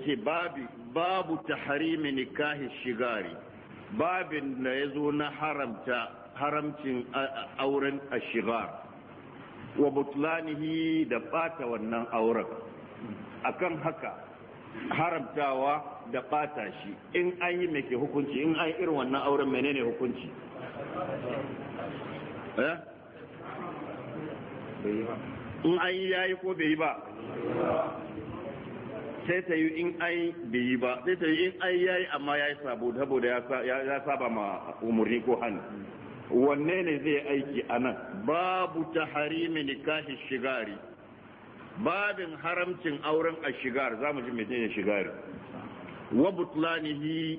ce babu babu tahrimi nikahi shigari babin da zo na haramta haramcin auren shigar wa butlanihi da bata wannan auren akan haka haramtawa da bata shi in an yi mai hukunci in an irin wannan auren menene hukunci eh? in an yi yi ko bai yi ba sai ta yi in ai bai yi ba sai ta yi in ai yi amma ya yi saboda ya saba ma umurni ko hannu wanne ne zai aiki a nan babu ta harimi nikahi shigari babin haramcin auren a shigar za mu ji mai shigari wa butlanihi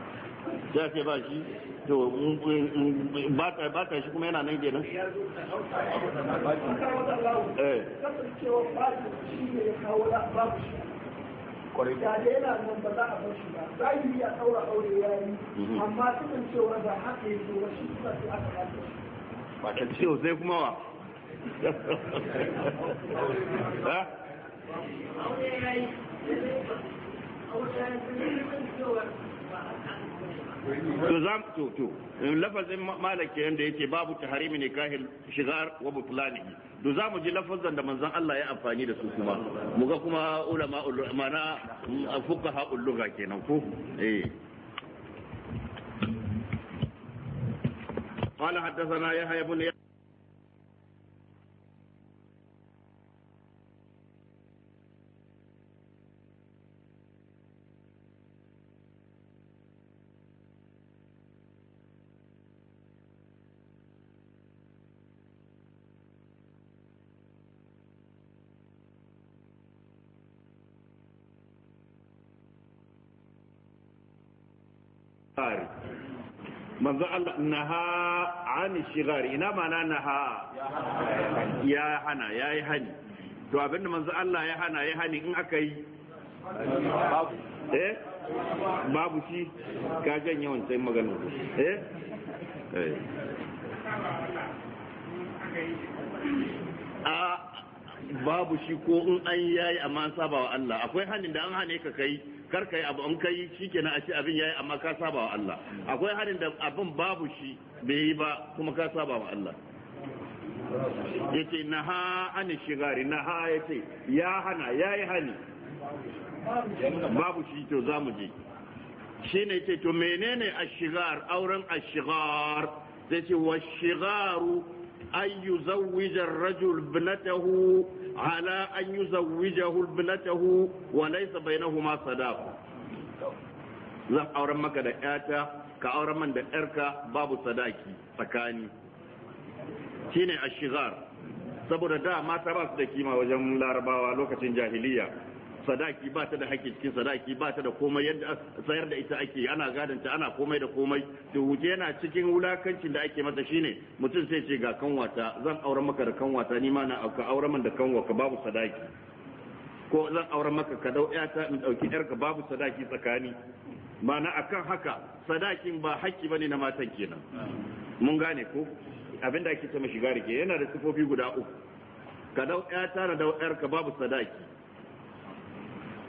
za ce ba shi to ba ta shi kuma yana nan kenan eh kwarai da da yana nan ba za a bar shi ba za a aure ya yi mhm. amma cikin cewa da haka ya zo shi ba su aka ba ta ciwo sai kuma wa yi to za mu to to lafazin malik yadda yake babu ne kahil shigar wa butlanihi to za mu ji lafazan da manzon Allah ya amfani da su kuma mu ga kuma ulama mana fuqaha ulugha kenan ko eh قال حدثنا يحيى بن manzo Allah naha an shigari ina mana naha ya hana ya yi hani to abinda manzo Allah ya hana ya hani in aka yi eh babu shi ka janye wancan magana eh? eh a babu shi ko in an yayi amma saba wa Allah akwai hanin da an hane ka kai kar yi abu an kai shikenan a ce abin yayi amma ka saba wa Allah akwai harin da abin babu shi bai yi ba kuma ka saba wa Allah na ha an shigari na ha ya ce ya hana ya yi hani babu shi to za mu je shi ne ce to menene a shigar auren shigar zai ce shigaru. أن يزوج الرجل ابنته على أن يزوجه ابنته وليس بينهما صداق zan auren maka da ‘yata ka auren man da ‘yarka babu sadaki tsakani shine ashizar saboda da mata basu da kima wajen larabawa lokacin jahiliya sadaki ba ta da haƙƙi cikin sadaki ba ta da komai yadda sayar da ita ake ana gadanta ana komai da komai to wuce yana cikin wulakancin da ake mata shine mutum sai ce ga kanwata zan auren maka da kanwata ni ma na auka auren man da kanwa ka babu sadaki ko zan auren maka ka dau ta in dauki yarka babu sadaki tsakani ma'ana akan haka sadakin ba haƙƙi bane na matan kenan mun gane ko abinda ake ce mashi garike yana da sifofi guda uku ka dau ta na dau yarka babu sadaki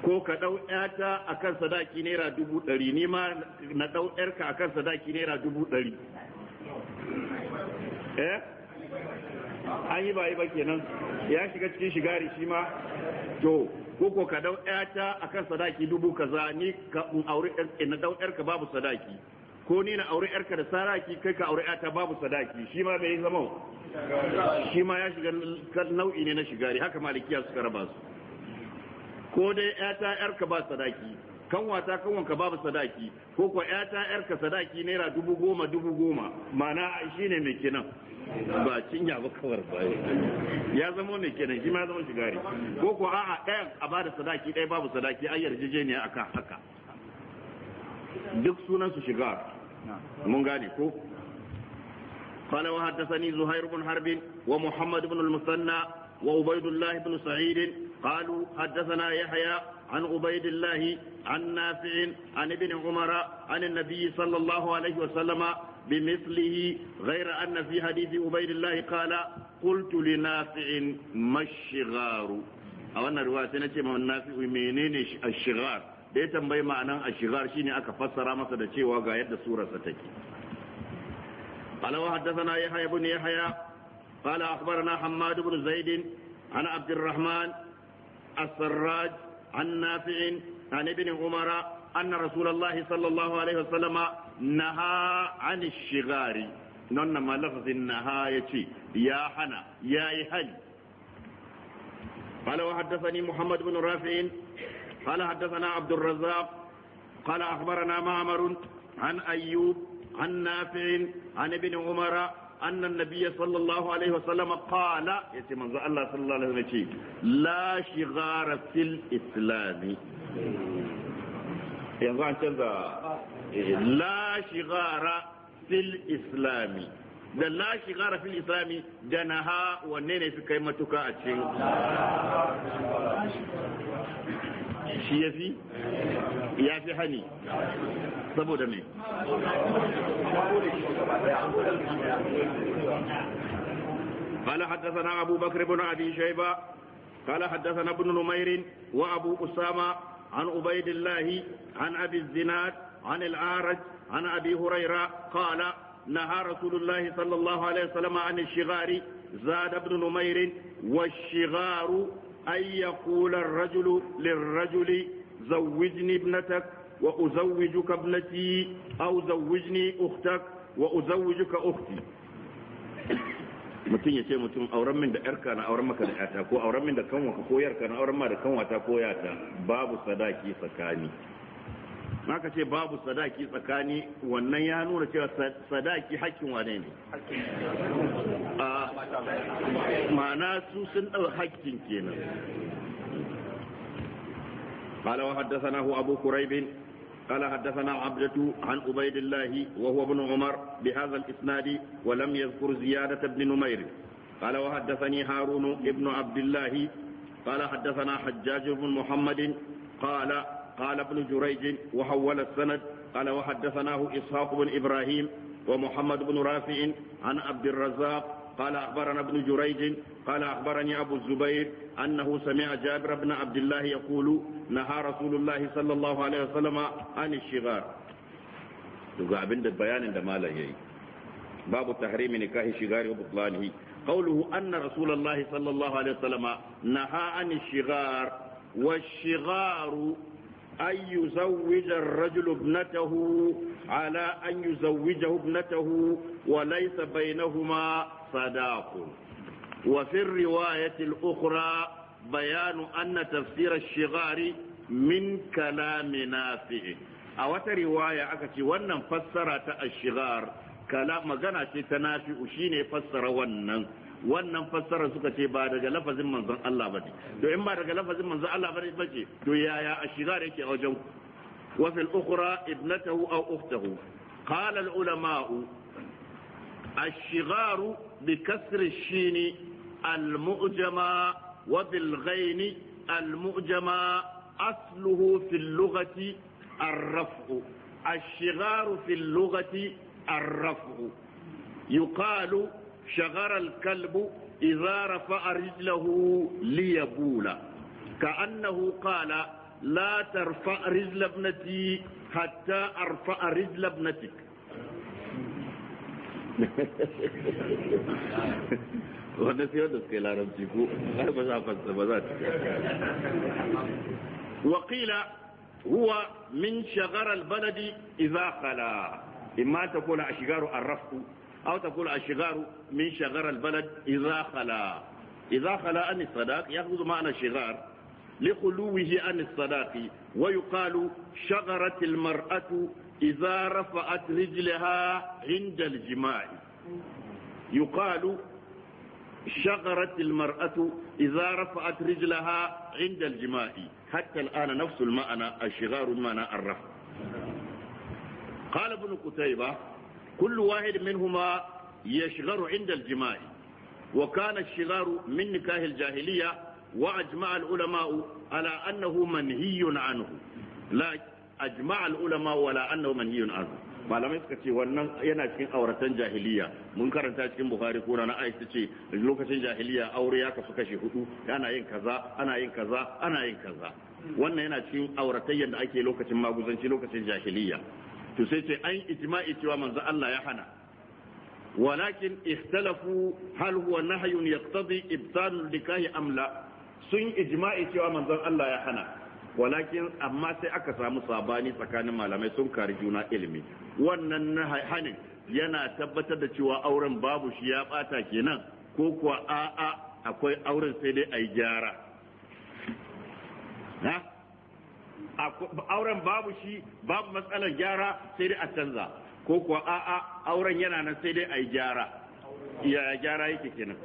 ko ka ɗau ‘yata a kan sadaki naira dubu ɗari ni ma na ɗau ‘yarka a kan sadaki naira dubu ɗari eh an yi ba yi ba kenan ya shiga cikin shigari shi ma to ko ka ɗau ‘yata a kan sadaki dubu kaza ni ka aure eh, na ɗau ‘yarka babu sadaki ko ni na aure ‘yarka da saraki kai ka aure ‘yata babu sadaki shi ma bai zama shi ma ya shiga nau'i ne na shigari haka malikiya suka raba su ko dai ƴata ƴarka ba sadaki kanwata kanwanka babu sadaki ko ko ƴata ƴarka sadaki naira dubu goma dubu goma ma'ana ne mai kenan ba cinya ba kawar ba ya zama mai kenan shi ma ya zama shigari ko ko a'a ɗayan a bada sadaki ɗaya babu sadaki an a akan haka duk sunan su shiga mun gane ko قال وحدثني زهير بن حرب ومحمد بن المثنى وعبيد الله بن سعيد قالوا حدثنا يحيى عن عبيد الله عن نافع عن ابن عمر عن النبي صلى الله عليه وسلم بمثله غير أن في حديث عبيد الله قال قلت لنافع ما الشغار أو أن رواية نتيما نافع منين الشغار da ya tambayi ma'anan a shigar shine aka fassara masa da cewa ga yadda surarsa take alawa haddathana yahya ibn yahya qala akhbarana hammad ibn zaid عن عبد الرحمن السراج عن نافع عن ابن عمر أن رسول الله صلى الله عليه وسلم نهى عن الشغار ننما لفظ النهاية يا حنا يا يهل قال وحدثني محمد بن رافع قال حدثنا عبد الرزاق قال أخبرنا معمر عن أيوب عن نافع عن ابن عمر أن النبي صلى الله عليه وسلم قال يتي منذ الله صلى الله عليه وسلم لا شغار في الإسلام ينظر كذا لا شغار في الإسلام da la shigara fil islami da naha wanne ne fi kai matuka a cikin shi ya fi ya fi hani saboda me قال حدثنا أبو بكر بن أبي شيبة قال حدثنا ابن نمير وأبو أسامة عن عبيد الله عن أبي الزناد عن الأعرج عن أبي هريرة قال نهى رسول الله صلى الله عليه وسلم عن الشغار زاد ابن نمير والشغار أن يقول الرجل للرجل زوجني ابنتك وأزوجك ابنتي أو زوجني أختك وأزوجك أختي mutum ya ce mutum auren min da yarka na auren maka da yata ko auren min da kanwa ko yarka na auren ma da kanwa ta ko yata babu sadaki tsakani naka ce babu sadaki tsakani wannan ya nuna cewa sadaki hakkin wane ne a ma'ana su sun dau hakkin kenan قال وحدثناه أبو كريب قال حدثنا عبدة عن عبيد الله وهو ابن عمر بهذا الإسناد ولم يذكر زيادة بن نمير قال وحدثني هارون ابن عبد الله قال حدثنا حجاج بن محمد قال قال ابن جريج وحول السند قال وحدثناه إسحاق بن إبراهيم ومحمد بن رافع عن عبد الرزاق قال أخبرنا ابن جريج قال أخبرني أبو الزبير أنه سمع جابر بن عبد الله يقول نهى رسول الله صلى الله عليه وسلم عن الشغار duga abin da bayanin da malam yayi babu tahrimi nikahi shigari wa butlanihi qawluhu anna rasulullah sallallahu alaihi wasallama naha an shigar wa shigaru أن يزوج الرجل ابنته على أن يزوجه ابنته وليس بينهما صداق وفي الرواية الأخرى بيان أن تفسير الشغار من كلام نافع أو رواية أكتي وأن فسرت الشغار كلام مغنى تنافع شيني فسر ونن wannan fassara suka ce ba daga lafazin manzon Allah ba to in ba daga lafazin manzon Allah ba ce to yaya ashigar yake a wajen wa fil ukhra ibnatahu aw ukhtahu qala al ulama ashigar bi kasr ash-shin al mu'jama wa bil ghain al mu'jama asluhu fil lughati الرفع الشغار في اللغة الرفع يقال شغر الكلب إذا رفع رجله ليبول كأنه قال لا ترفع رجل ابنتي حتى أرفع رجل ابنتك wanda sai wanda suka yi larabci ko har ba za a fasa ba za ta wakila huwa min shagarar baladi idza khala imma ta kula a shigaru arrafu أو تقول الشغار من شغر البلد إذا خلا إذا خلا عن الصداق يأخذ معنى الشغار لخلوه عن الصداق ويقال شغرت المرأة إذا رفعت رجلها عند الجماع يقال شغرت المرأة إذا رفعت رجلها عند الجماع حتى الآن نفس المعنى الشغار معنى الرفع قال ابن قتيبة كل واحد منهما يشغر عند الجماع وكان الشغار من نكاه الجاهلية وأجمع العلماء على أنه منهي عنه لا أجمع العلماء ولا أنه منهي عنه malamai suka ce wannan yana cikin auratan jahiliya mun karanta cikin bukhari ko na aisha ce lokacin jahiliya aure ya kasu kashi hudu ana yin kaza ana yin kaza ana yin kaza wannan yana cikin auratayyar da ake lokacin maguzanci lokacin jahiliya to sai ce an ijma'i cewa manzo Allah ya hana walakin ikhtalafu hal huwa nahyun yaqtadi ibtalul nikahi am la sun ijma'i cewa manzon Allah ya hana walakin amma sai aka samu sabani tsakanin malamai sun kari juna ilimi wannan hanin yana tabbatar da cewa auren babu shi ya bata kenan ko kuwa a'a akwai auren sai dai a yi gyara auren babu shi babu matsalar gyara sai dai a canza ko kuwa a'a auren yana nan sai dai a yi gyara ya gyara yake kenan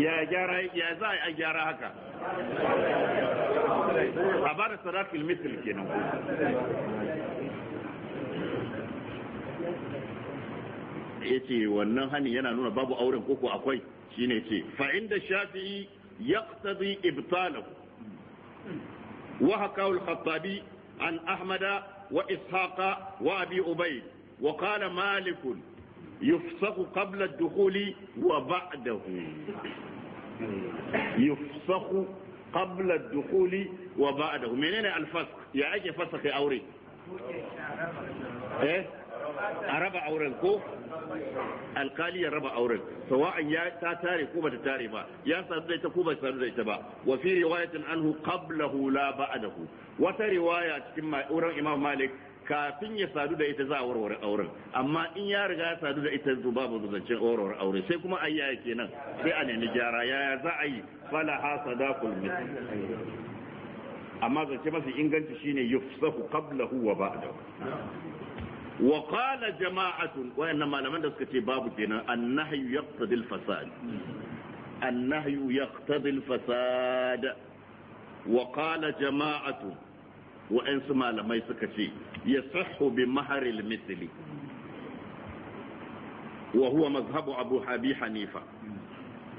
ya gyara ya za a gyara haka a ba da sadakil mitil kenan ya ce wannan hani yana nuna babu auren koko akwai shine ce fa inda shafi'i yaqtadi ibtalahu وحكاه الخطابي عن أحمد وإسحاق وأبي أبي وقال مالك يفسخ قبل الدخول وبعده يفسخ قبل الدخول وبعده منين الفسخ يا أجي فسخ يا أوري إيه a raba auren ko alkali ya raba auren sawa'an ya ta tare ko bata tare ba ya sadu da ita ko bata sadu da ita ba wa fi riwayatin anhu qablahu la ba'dahu wata riwaya cikin ma'uran imam malik kafin ya sadu da ita za a warware auren amma in ya riga ya sadu da ita to babu zancen warware aure sai kuma yake kenan sai a nemi gyara yaya za a yi fala hasadakul misl amma zance mafi inganci shine yufsahu qablahu wa ba'dahu وقال جماعة وإنما لمن دسكتي باب كنا النهي يقتضي الفساد النهي يقتضي الفساد وقال جماعة وإن سما لما يسكتي يصح بمهر المثل وهو مذهب أبو حبي حنيفة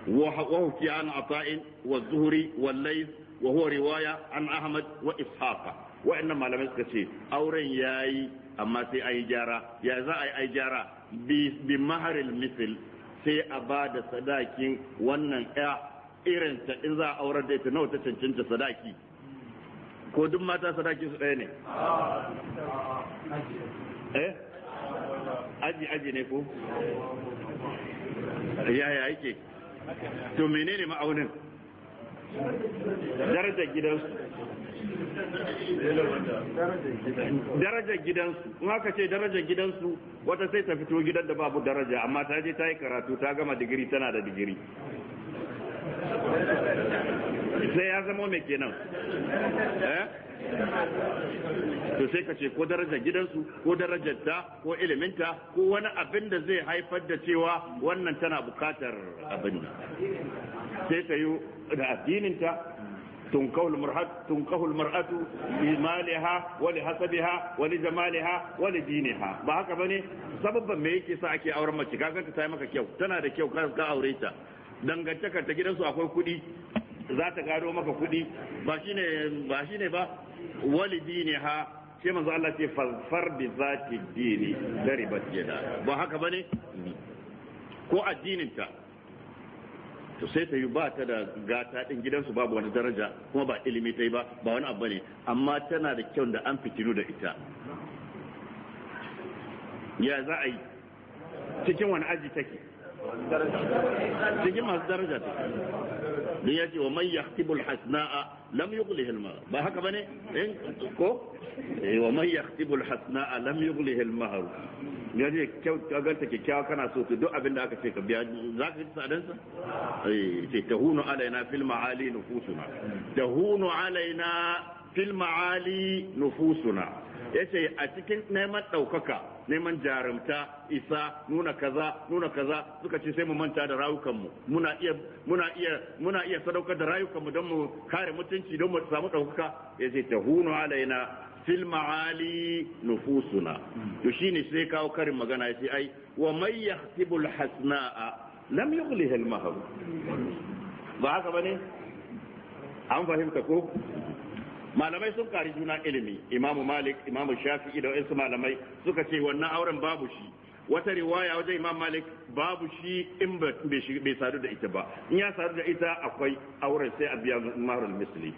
وهو عن عطاء والزهري والليث وهو رواية عن أحمد وإسحاق وإنما لم يسكتي أورين ياي amma sai ayi gyara ya za a yi gyara bi maharil misil sai a ba da sadakin wannan ya irin ta in za a aure da ita nawa ta cancanta sadaki ko duk mata sadaki su ɗaya ne eh aji aji ne ko yaya yake to menene ma'aunin darajar gidansu darajar gidansu in haka ce darajar gidansu wata sai ta fito gidan da babu daraja amma ta je ta yi karatu ta gama digiri tana da digiri sai ya zama mai kenan eh? to sai ka ce ko darajar gidansu ko darajar ta ko iliminta ko wani abin da zai haifar da cewa wannan tana bukatar abin sai ka yi da addininta تنكه المرأة تنكه المرأة لمالها ولحسبها ولجمالها ولدينها ba haka bane sababban me yake sa ake auren mace ka ta ta maka kyau tana da kyau ka aure ta dangantaka ta gidansu akwai kuɗi za ta gado maka kuɗi ba shine ba shine ba walidinha sai manzo Allah ce falfar bi zati dini daribat yada ba haka bane ko addinin ta to sai ta yi ba ta da gata din gidansu babu wani daraja kuma ba ilimi ta yi ba ba wani abu ne amma tana da kyau da an fitinu da ita ya za a yi cikin wani aji take cikin masu daraja take don ya ce wa man yahtibul hasna'a lam yughlih hilma ba haka bane eh, ko eh, wa man yahtibul hasna'a lam yughlih haru. ya ce ka kyakkyawa kana so to duk abin da aka ce ka biya za ka ji tsadansa? sa eh ta hunu alaina fil ma'ali nufusuna hunu alaina fil ma'ali nufusuna yace a cikin neman daukaka neman jarumta isa nuna kaza nuna kaza suka ce sai mu manta da rayukanmu muna iya muna iya muna iya sadaukar da rayukanmu don mu kare mutunci don mu samu daukaka yace hunu alaina fil ma'ali nufusuna to shine sai kawo karin magana sai ai wa may yahtibul hasna'a lam yughlih al mahab ba haka bane an fahimta ko malamai sun kari juna ilimi imamu malik imamu shafi'i da wasu malamai suka ce wannan auren babu shi wata riwaya wajen imam malik babu shi in bai sadu da ita ba in ya sadu da ita akwai auren sai a biya mahrul misli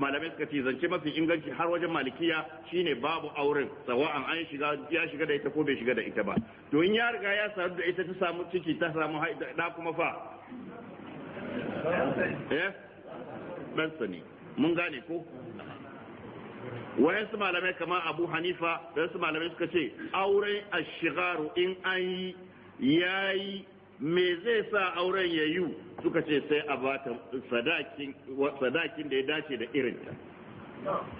malamai suka ce zance mafi inganci har wajen malikiya shine babu auren sawa'an an shiga ya shiga da ita ko bai shiga da ita ba to in ya riga ya sadu da ita ta samu ciki ta samu da kuma fa eh ban sani mun gane ko su malamai kamar abu hanifa su malamai suka ce auren a shigaru in an yi ya yi me zai sa auren ya yi suka ce sai a bata sadakin da ya dace da irinta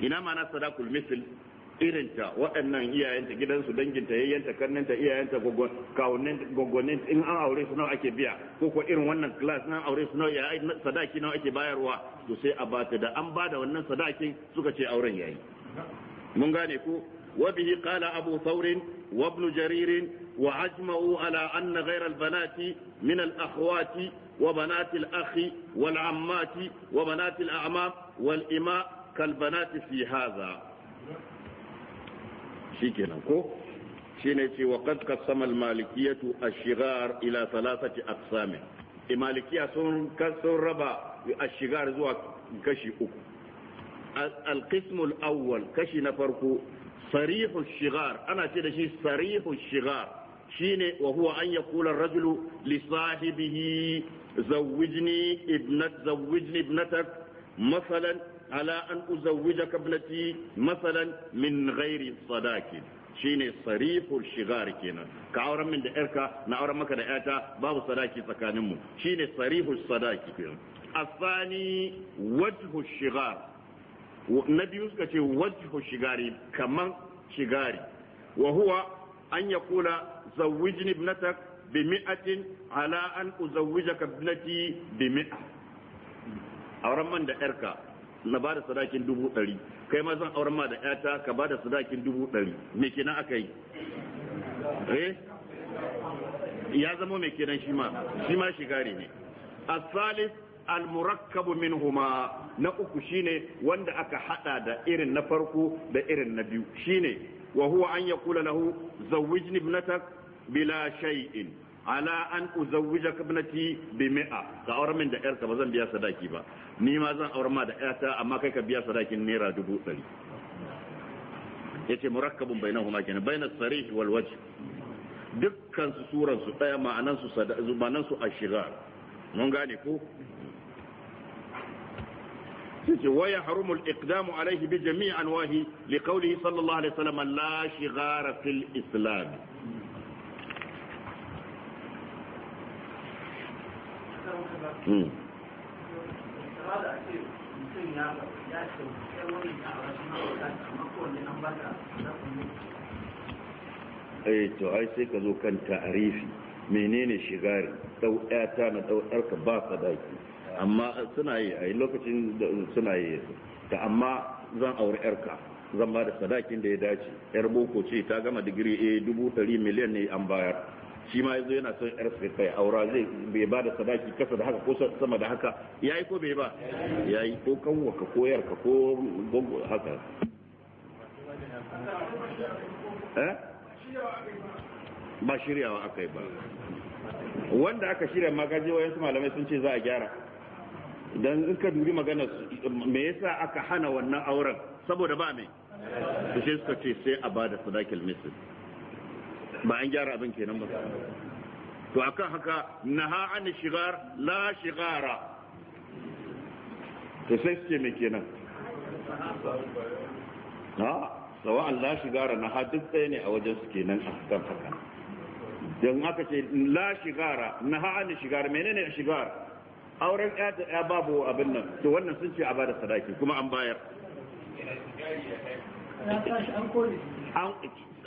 ina mana sadakul misil irinta waɗannan iyayenta gidansu danginta yayyanta karninta iyayenta gwaggwanin in an aure su nawa ake biya ko ko irin wannan class na aure su nawa sadaki nawa ake bayarwa to sai a bata da an bada wannan sadakin suka ce auren yayi mun gane ku wa bihi qala abu thawr wa ibn jarir wa ala anna ghayra al-banati min al wa banatil akhi wal ammati wa banati ama amam wal ima kal banati fi shikenan ko shine ce wa qad qasama al-malikiyatu ash-shighar ila thalathati aqsam malikiya sun sun raba ash-shighar zuwa kashi uku al-qism al-awwal kashi na farko sarihu ash-shighar ana ce da shi sarihu ash-shighar shine wa huwa an yaqula ar-rajulu li sahibihi zawwijni ibnat zawwijni ibnatak مثلا Ala'an an uzawwijaka ibnati masalan min ghairi sadaqin shine sariful shigar kenan ka auren min da na auren maka da yata babu sadaki tsakaninmu mu shine sariful sadaki kenan asani wajhu shigar na biyu suka ce wajhu shigari kaman shigari wa huwa an yaqula zawwijni ibnatak bi mi'atin ala an uzawwijaka ibnati bi mi'a auren man da na bada sadakin dubu ɗari kai ma zan auren ma da ƴata ka bada sadakin dubu ɗari me kenan aka yi eh? ya zama me kenan shi ma shi ma gare ne الثالث min huma na uku shine wanda aka hada da irin na farko da irin na biyu shine wa huwa an yaqula lahu zawwijni ibnatak bila shay'in ala an uzawwijaka ibnati bi mi'a ka aure min da yarka ba zan biya sadaki ba ni ma zan aure ma da ƴata amma kai ka biya sadakin naira dubu ɗari yace murakkabun huma kenan bainan sarih wal wajh dukkan su suran su daya ma'anan su ma'anan su ashigar mun gane ko yace wa yahrumu al iqdamu alayhi bi jami' anwahi li qawlihi sallallahu alaihi wasallam la shighara fil islam Hmm. eh to ai sai ka zo kan ta'arifi menene shigari dau ta na dau ka ba sadaki amma suna yi a lokacin suna yi ta amma zan aure yarka zan ba da sadakin da ya dace yar boko ce ta gama digiri a eh, dubu ɗari miliyan ne an bayar shi ma yanzu yana son yar sai kai aura zai bai ba da sadaki kasa da haka ko sama da haka yayi ko bai ba yayi ko kanwa ka koyar ka ko gongo haka eh ba shiryawa aka yi ba wanda aka shirya magaji yansu malamai sun ce za a gyara don in ka dubi magana me yasa aka hana wannan auren saboda ba mai su suka ce sai a ba da sadakil misali ba an gyara abin kenan ba to akan haka naha an shigar la shigara to sai suke mai kenan ha sawa la shigara na duk ɗaya ne a wajen su kenan a kan haka don haka ce la shigara naha an shigar menene shigar auren ya babu abin nan to wannan sun ce a bada sadaki kuma an bayar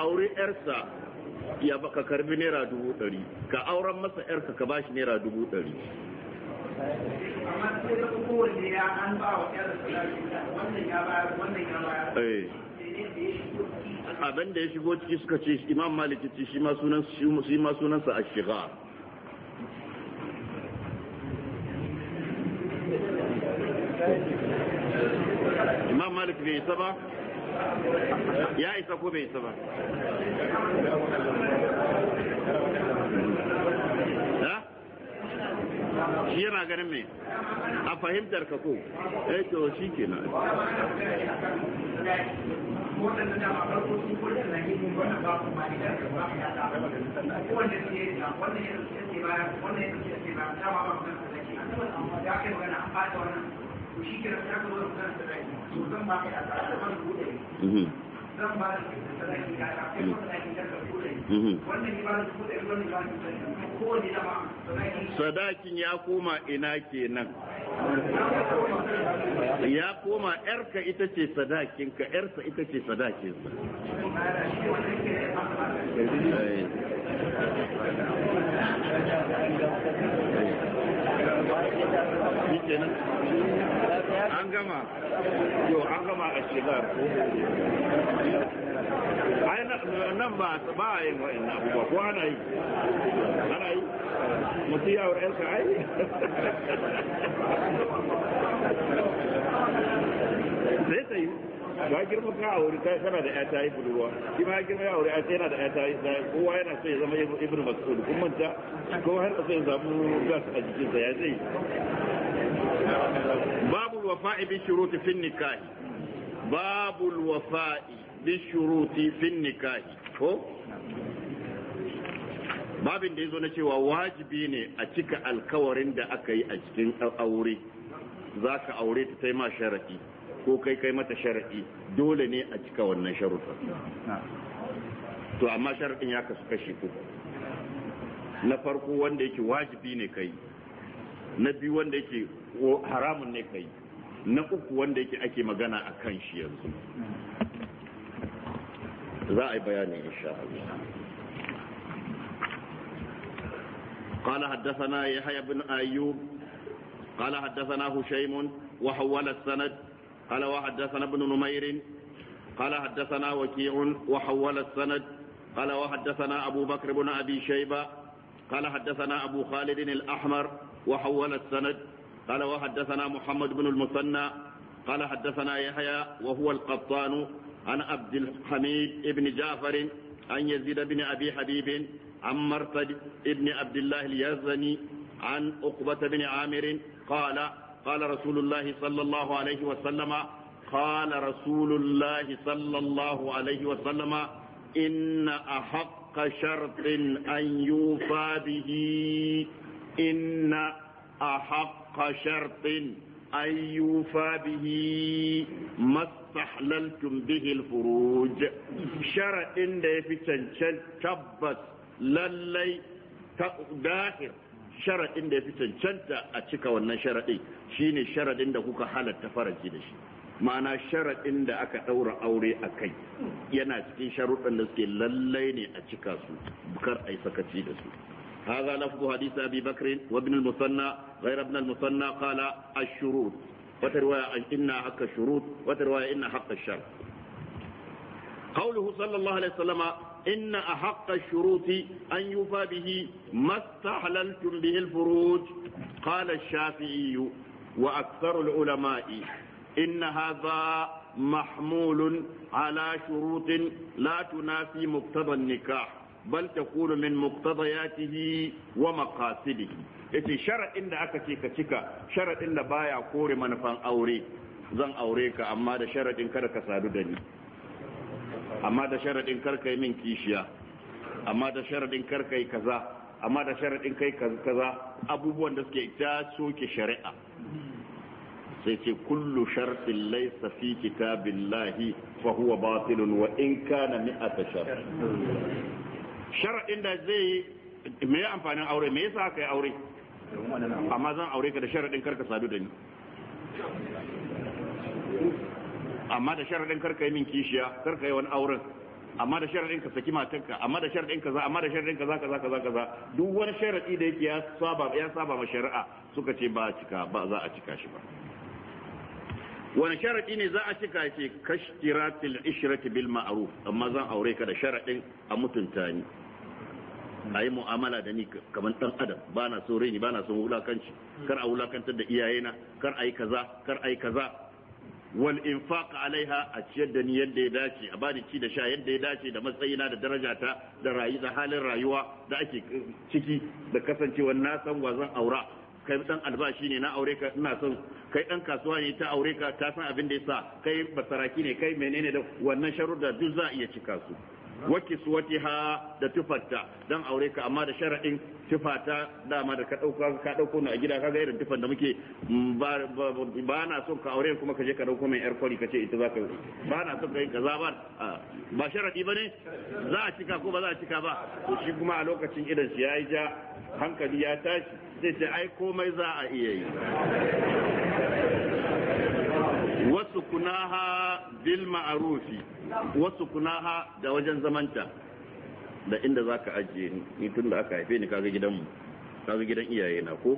auri yarsa ya baka karbi naira dubu ɗari ka auren masa yarsa ka bashi naira dubu ɗari eh. abin da ya shigo ciki suka ce imam malik ce shi ma sunansa a shiga imam malik bai ta ba ya isa ko bai isa ba shi yana ganin me a fahimtar ka ko eh ke na sadakin ya koma ina kenan ya koma yarka ita ce sadakinka yarsa ita ce sadakinsa an gama yau an gama a shigar ai nan ba ba a yin wa'in na abubuwa ko ana yi ana yi mutu yawon yanka ai zai ta yi ba girma ka aure ta kana da ya ta yi buduwa shi ma girma ya aure ƴata yana da ya ta yi sai kowa yana so ya zama ibnu mas'ud kun manta kowa har so ya samu gas a jikinsa ya zai الوفاء بالشروط في النكاح باب الوفاء بالشروط في النكاح ko? babin da ya zo na cewa wajibi ne a cika alkawarin da aka yi a cikin aure za ka aure ta taima sharaɗi ko kai kai mata sharaɗi dole ne a cika wannan sharuɗa to amma sharaɗin ya kasu kashi ko, na farko wanda yake wajibi ne kai na biyu wanda yake haramun ne kai na uku wanda yake ake magana a kan shi yanzu za a yi bayanin insha قال حدثنا يحيى بن أيوب قال حدثنا هشيم وحول السند قال وحدثنا ابن نمير قال حدثنا وكيع وحول السند قال وحدثنا أبو بكر بن أبي شيبة قال حدثنا أبو خالد الأحمر وحول السند قال وحدثنا محمد بن المثنى قال حدثنا يحيى وهو القطان عن عبد الحميد بن جعفر عن يزيد بن أبي حبيب عن مرتد بن عبد الله اليزني عن عقبة بن عامر قال قال رسول الله صلى الله عليه وسلم قال رسول الله صلى الله عليه وسلم إن أحق شرط أن يوفى به إن أحق حق شرط أن يوفى به ما استحللتم به الفروج شرط ده في تنشل تبت للي داخل sharaɗin da ya fi cancanta a cika wannan sharaɗin shine sharaɗin da kuka halarta faraji da shi ma'ana sharaɗin da aka ɗaura aure a kai yana cikin sharuɗan da suke lallai ne a cika su kar a yi sakaci da su هذا لفظ حديث أبي بكر وابن المثنى غير ابن المثنى قال الشروط وترواية إن حق الشروط وترواية إن حق الشرط قوله صلى الله عليه وسلم إن أحق الشروط أن يوفى به ما استحللتم به الفروج قال الشافعي وأكثر العلماء إن هذا محمول على شروط لا تنافي مقتضى النكاح bal takunu min muqtadayatihi wa maqasidihi yace sharadin da aka ce ka cika sharadin da baya kore manufan aure zan aure ka amma da sharadin kada ka sadu da ni amma da sharadin kar kai min kishiya amma da sharadin kar kai kaza amma da sharadin kai kaza abubuwan da suke ta soke shari'a sai ce kullu shartin laysa fi kitabillahi fa huwa batilun wa in kana mi'ata shart sharaɗin da zai yi me ya amfanin aure me yasa aka yi aure amma zan aure ka da sharaɗin karka sadu da ni amma da sharaɗin karka yi min kishiya karka yi wani auren amma da sharaɗin ka saki matanka amma da sharaɗin kaza amma da sharaɗin kaza kaza kaza kaza duk wani sharaɗi da yake ya saba ya saba ma shari'a suka ce ba cika ba za a cika shi ba wani sharaɗi ne za a cika ce kashtiratil ishrati bil ma'ruf amma zan aure ka da sharaɗin a mutunta ni a yi mu'amala da ni kamar dan adam ba na so raini ba na son wulakanci kar a wulakantar da iyayena kar a yi kaza kar a yi kaza wal infaq alaiha a ciyar da ni yadda ya dace a bani ci da sha yadda ya dace da matsayina da darajata da rayu da halin rayuwa da ake eh, ciki da kasancewar na san wa zan aura kai dan albashi ne na aure ka ina son kai dan kasuwa ne ta aure ka ta san abin da yasa kai basaraki ne kai menene da wannan sharuda duk za a iya cika su su wati ha da tufarta don aure ka amma da shara'in tufata dama da ka ɗauko ni a gida ka irin tufan da muke mm, ba na son ka aure kuma ka je ka dauko mai yar kwali ce ita za zaka ba na son yi kaza ba ba ba ne za a cika ko ba za a cika ba to shi kuma a lokacin idan shi yi ja hankali ya tashi sai sai ai komai za a iya yi wasu kunaha bil ma'arufi wasu kunaha da wajen zamanta da inda za ka ajiye ni tun da aka haife ni kaga mu kaga gidan iyaye na ko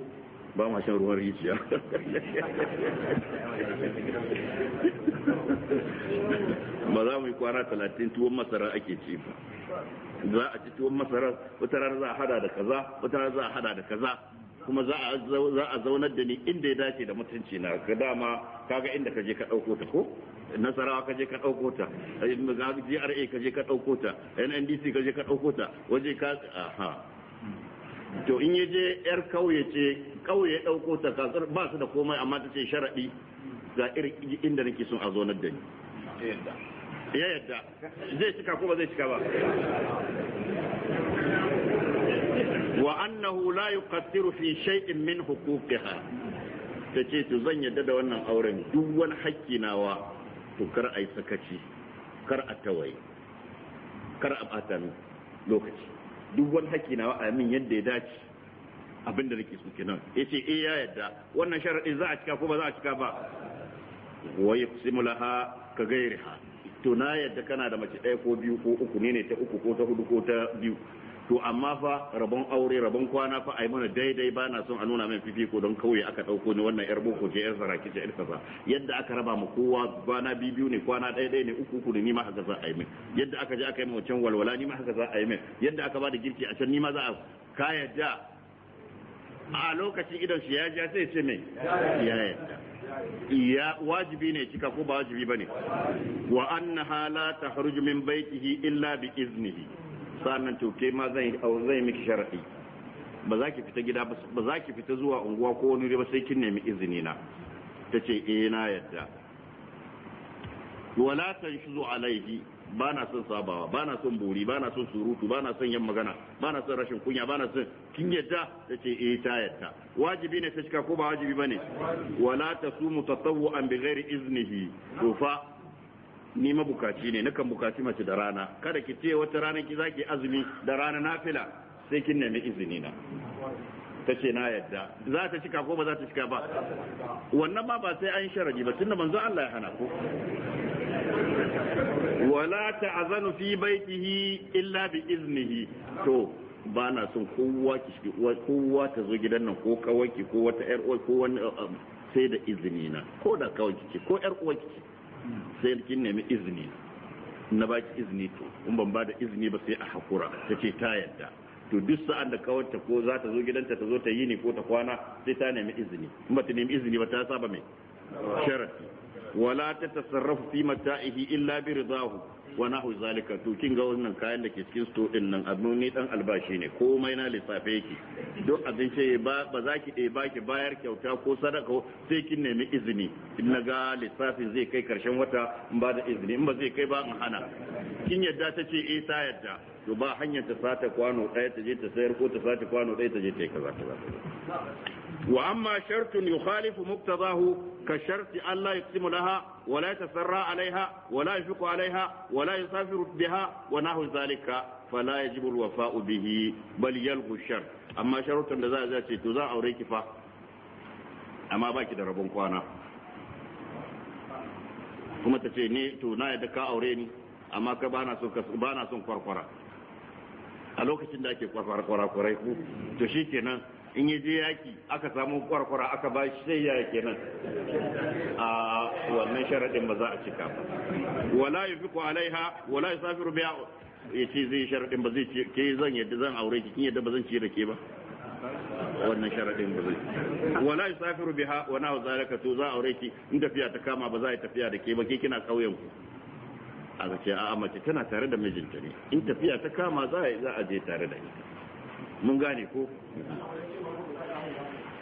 ba ma shan ruwan rijiya ba za mu yi kwana talatin tuwon masara ake ci ba za a ci tuwon masara wata rana za a hada da kaza wata rana za a hada da kaza kuma za a zaunar da ni inda ya dace da mutunci na ka dama kaga inda ka je ka dauko ta ko nasarawa ka je ka dauko ta GRA ka je ka dauko ta NNDC ka je ka dauko ta waje ka aha to in ya je yar kauye ce kauye dauko ta kasar ba su da komai amma ta ce sharaɗi ga irin inda nake son a zaunar da ni ya yadda zai cika ko ba zai cika ba وأنه لا يقصر في شيء من حقوقها تجي تزن يدد وانا أورن دول حقنا و تكر أي سكتي كر أتوي كر أبعتن لوكتي دول حقنا وآمين يدي داتي abin da nake so kenan yace eh ya yadda wannan sharadin za a cika ko ba za a cika ba wa yaqsimu laha ka gairiha to na yadda kana da mace ɗaya ko biyu ko uku ne ne ta uku ko ta hudu ko ta biyu to amma fa rabon aure rabon kwana fa ai mana daidai ba na son a nuna min fifiko don kauye aka dauko ni wannan yar boko ce yar saraki ce yar kaza yadda aka raba mu kowa kwana biyu ne kwana ɗaya ɗaya ne uku uku ne ni ma haka za a yi min yadda aka je aka yi wancan walwala ni ma haka za a yi min yadda aka ba da girki a can ni ma za a ka yadda a lokacin idan shi ya ja sai ce mai ya yadda ya wajibi ne cika ko ba wajibi bane wa annaha la tahruju min baytihi illa bi iznihi sa'annan to ke ma zan zai miki sharadi ba za ki fita gida ba za ki fita zuwa unguwa ko wani ba sai kin nemi izini na tace eh na yadda wala tanshuzu alaihi ba na son sabawa ba na son buri ba na son surutu ba na son yan magana ba na son rashin kunya ba na son kin yadda ta ce eh ta yadda wajibi ne ta cika ko ba wajibi bane wala tasumu tatawu'an bi ghairi iznihi to fa ni mabukaci ne nakan bukaci mace da rana kada ki ce wata rana ki zaki azumi da rana nafila sai kin nemi izini na ta ce na yadda za ta cika ko ba za ta cika ba wannan ma ba sai an sharadi ba tunda manzo Allah ya hana ko wala ta'zanu fi baitihi illa bi iznihi to ba na son kowa ki shige kowa ta zo gidan nan ko kawai ko wata yar ko wani um, sai da izini na ko da kawai ki ko yar uwa ki sai kin nemi izini na baki izini to in ban bada izini ba sai a hakura ta ce ta yadda to duk sa'an da kawarta ko za ta zo gidanta ta zo ta yi ne ko ta kwana sai ta nemi izini in ba ta nemi izini ba ta saba mai sharadi wala ta tasarrafu fi mata'ihi illa bi ridahu wa nahu zalika to kin ga wannan kayan da ke cikin sto din nan abin ni dan albashi ne komai na lissafe yake duk abinci ba ba za ki ɗe ba bayar kyauta ko sadaka sai kin nemi izini in na ga lissafin zai kai karshen wata in ba da izini in ba zai kai ba in hana kin yadda ta ce eh ta yadda to ba hanyar ta sata kwano daya ta je ta sayar ko ta sata kwano daya ta je ta yi kaza kaza وأما شرط يخالف مقتضاه كشرط ألا يقسم لها ولا يتسرى عليها ولا يشفق عليها ولا يسافر بها ونحو ذلك فلا يجب الوفاء به بل يلغو الشرط أما شرط لذا ذاتي تزاع أو ريكفة أما باكي دربون قوانا kuma ta ce ne to na yadda ka aure ni amma ka bana son bana son kwarkwara a lokacin da ake kwarkwara kwarai ku to shikenan in ya je yaki aka samu kwarkwara aka ba shi sai ya kenan a wannan sharadin ba za a cika wala yufiku alaiha wala yusafiru ya ce zai sharadin ba zai ke zan yadda zan aure ki kin yadda ba zan ci da ke ba wannan sharadin ba zai wala yusafiru wana wa na to za aure ki in tafiya ta kama ba za a yi tafiya da ke ba ke kina kauyen ku a zace a'a mace tana tare da mijinta ne in tafiya ta kama za a je tare da ita mun gane ko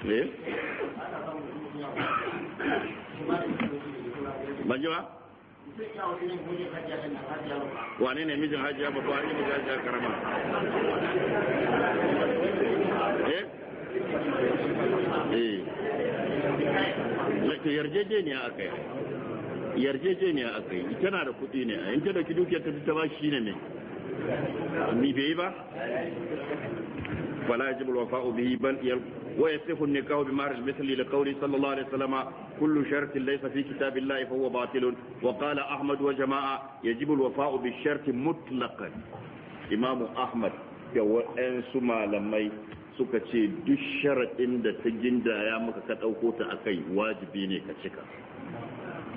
ne banjiwa wane ne mijin hajiya babba hajji mijin hajiya karama eh eh yarjejeniya aka yi yarjejeniya aka yi tana da kuɗi ne a yanke da ki dukiyar ta ta ba shi ne mai ni فلا يجب الوفاء به بل ويصف النكاح بمهر مثل لقوله صلى الله عليه وسلم كل شرط ليس في كتاب الله فهو باطل وقال أحمد وجماعة يجب الوفاء بالشرط مطلقا إمام أحمد هو ان سما لما suka ce duk ان da ta gindaya maka ka واجبيني ta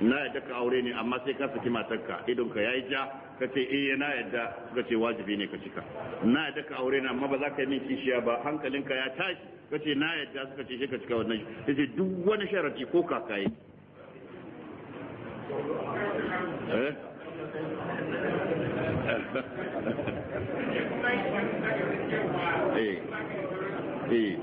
na yadda ka aure ne amma sai ka saki matarka idon ka yayi ja ka ce eh na yadda suka ce wajibi ne ka cika na yadda ka aure ne amma ba za ka yi min kishiya ba hankalinka ya tashi ka ce na yadda suka ce ka cika wannan yace duk wani sharadi ko kakaye eh eh eh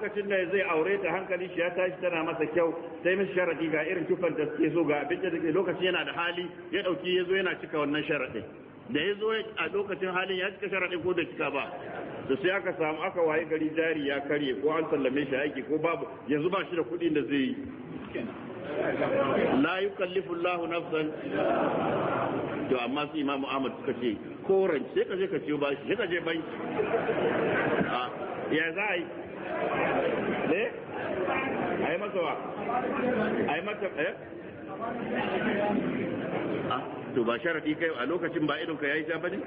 lokacin da zai aure ta hankali shi ya tashi tana masa kyau sai mishi sharadi ga irin tufan da suke so ga abin da take lokacin yana da hali ya dauki zo yana cika wannan sharadin da ya zo a lokacin halin ya cika sharadin ko da cika ba da sai aka samu aka waye gari jari ya karye ko an sallame shi aiki ko babu yanzu ba shi da kuɗin da zai yi la yukallifu Allahu nafsan to amma su Imam Ahmad suka ce ko rance sai ka je ka ciyo bashi sai ka je banki ya za a yi ne eh? a yi masa wa a yi masa eh? ah, to ba sharadi kai a lokacin ba idonka yayi ja bane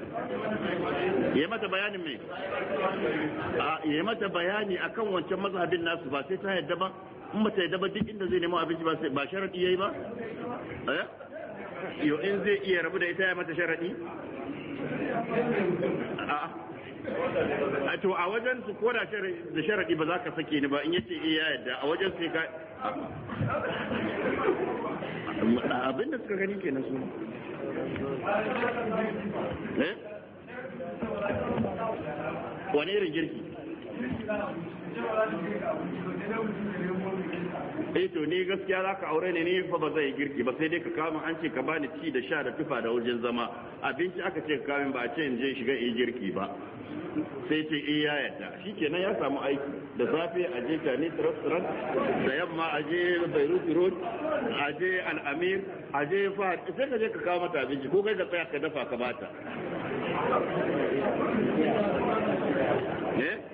yayi mata bayanin me a ah, yayi mata bayani akan wancan mazhabin nasu ba sai ta yadda ba in mata yadda ba duk inda zai nemo abinci ba sai ba sharadi yayi ba eh yo in zai iya rabu da ita ya mata sharadi a to a wajen su ko da sharadi ba za ka sake ni ba in yace eh ya yadda a wajen sai ka abin da suka gani kenan su eh wani irin girki eh to ni gaskiya za ka aure ne ni fa ba zai girki ba sai dai ka kama an ce ka bani ci da sha da tufa da wajen zama abinci aka ce ka kamin ba a ce in je shiga in girki ba sai ce eh ya yadda nan ya samu aiki da safe a je Chinese restaurant da yamma a je Beirut Road a je Al Amir a je Fahad sai ka je ka kawo mata abinci ko kai ka tsaya ka dafa ka bata eh?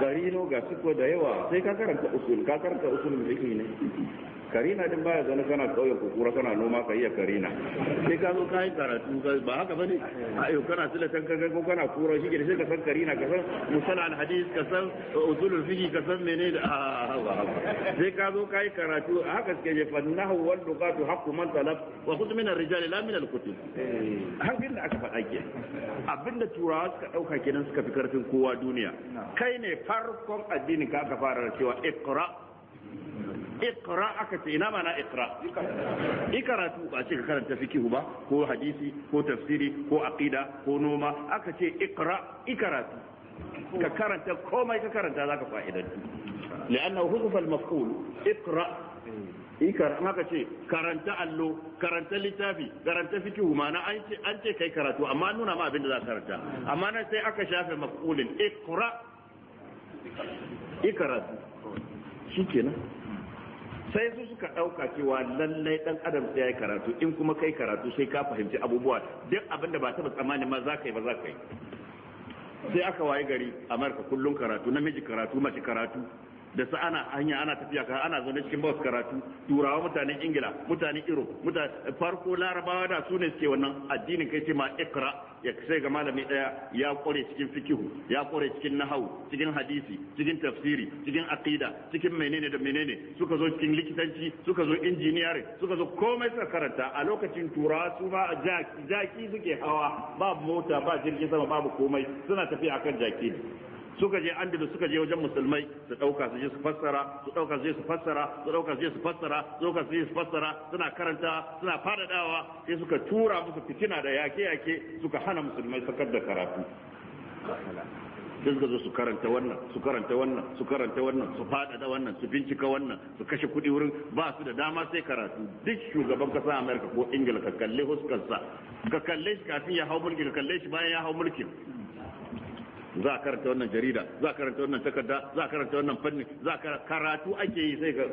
garino ga ko da yawa sai ka karanta usul ka karanta usul fiqh ne karina din baya zana kana tsawon kukura kana noma ka iya karina sai ka zo ka yi karatu ba haka bane yau kana silatan kankan ko kana kura shi sai ka san karina ka san musala alhadis ka san usulul fiki ka san menene ah, ah, ah, sai ka zo ka yi karatu haka suke je fannahu wal lughatu haqqu man talab wa khudh min ar-rijali la min al-kutub eh. har da aka faɗa ke abinda tu turawa suka ɗauka kenan suka fi karfin kowa duniya kai ne farkon addini ka aka fara cewa ikra ikra aka ce ina mana ikra tu ba ce ka karanta fikihu ba ko hadisi ko tafsiri ko aqida ko noma aka ce ikra tu ka karanta komai ka karanta zaka fa'idantu li'annahu huzufa al-maf'ul ikra eh. ikar haka ce karanta allo karanta littafi karanta fikihu ma'ana an ce kai karatu amma nuna ma abinda da za ka karanta amma nan sai aka shafe maqulin ikra ikaratu shikenan sai su suka ɗauka cewa lallai ɗan adam sai ya yi karatu in kuma kai karatu sai ka fahimci abubuwa duk abin da ba taɓa tsammani ma za ka yi ba za ka yi sai aka waye gari amurka kullum karatu namiji karatu mace karatu da sa ana hanya ana tafiya ka ana zaune cikin bus karatu turawa mutanen ingila mutanen iro farko larabawa da su suke wannan addinin kai ce ma ikra ya sai ga malami daya ya kore cikin fikihu ya kore cikin nahawu cikin hadisi cikin tafsiri cikin aqida cikin menene da menene suka zo cikin likitanci suka zo engineering suka zo komai suka karanta a lokacin turawa su ba jaki jaki suke hawa babu mota ba jirgin sama babu komai suna tafiya akan jaki suka je da suka je wajen musulmai su dauka su je su fassara su dauka su je su fassara su dauka su je su fassara su dauka su je su fassara suna karanta suna fadadawa sai suka tura musu fitina da yake yake suka hana musulmai sakar da karatu sai suka zo su karanta wannan su karanta wannan su karanta wannan su fadada wannan su bincika wannan su kashe kuɗi wurin ba su da dama sai karatu duk shugaban kasa Amerika ko Ingila ka kalle huskarsa ka kalle shi kafin ya hau mulki ka kalle shi bayan ya hau mulkin za a karanta wannan jarida za a karanta wannan takarda za a karanta wannan fanni za a karatu ake yi sai ga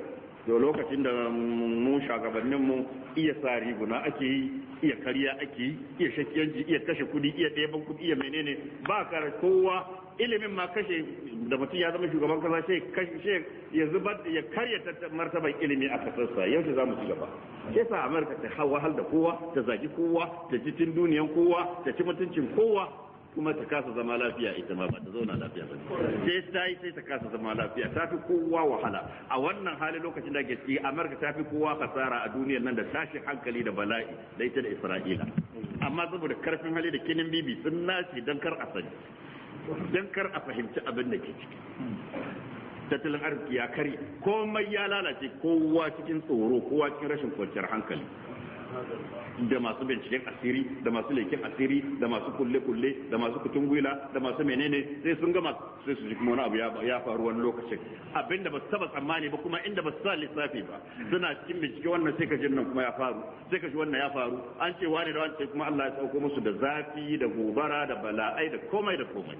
da lokacin da mm, mu shagabannin mu iya sa guna ake yi iya kariya ake yi iya shakiyanci iya kashe kudi iya ɗeban kudi iya menene ba kar kowa ilimin ma kashe da mutum ya zama shugaban kasa sai kashe ya zubar ya karya martaban ilimi a kasarsa yau za mu ci gaba sai sa amurka ta hal da kowa ta zaki kowa ta ci tun duniyan kowa ta ci mutuncin kowa kuma ta kasa zama lafiya ita ma ba ta zauna lafiya ba sai ta yi sai ta kasa zama lafiya ta fi kowa wahala a wannan hali lokacin da gaske amurka ta fi kowa kasara a duniyar nan da tashi hankali da bala'i da ita da isra'ila amma saboda karfin hali da kinin bibi sun nace don kar a sani don kar a fahimci abin da ke ciki tattalin arziki ya kare komai ya lalace kowa cikin tsoro kowa cikin rashin kwanciyar hankali da masu binciken asiri da masu leken asiri da masu kulle-kulle da masu kutun gwila da masu menene sai sun gama sai su ji kuma wani abu ya faru wani lokacin abinda ba su taba tsammani ba kuma inda ba su sa lissafi ba suna cikin bincike wannan sai ka ji nan kuma ya faru sai ka ji wannan ya faru an ce wani da wani kuma Allah ya sauko musu da zafi da gobara da bala'ai da komai da komai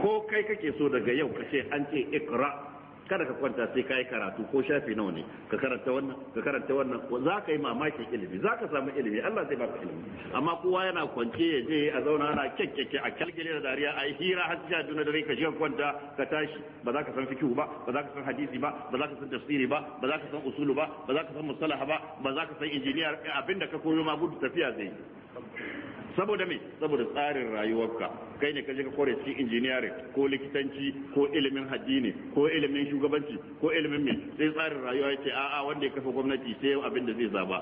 ko kai kake so daga yau ka ce an ce ikra kada ka kwanta sai ka yi karatu ko shafi nawa ne ka karanta wannan ka karanta wannan za ka yi mamakin ilimi za ka samu ilimi Allah zai baka ilimi amma kowa yana kwance ya je a zauna ana kyakkyakke a kalgire da dariya a hira har sha juna dare ka shiga kwanta ka tashi ba za ka san fikihu ba ba za ka san hadisi ba ba za ka san tafsiri ba ba za ka san usulu ba ba za ka san musalaha ba ba za ka san injiniyar abinda ka koyo ma gudu tafiya zai saboda me saboda tsarin rayuwarka kai ne ka je ka kore cikin engineering ko likitanci ko ilimin hadini ko ilimin shugabanci ko ilimin me sai tsarin rayuwa a a'a wanda ya kafa gwamnati sai abin da zai zaba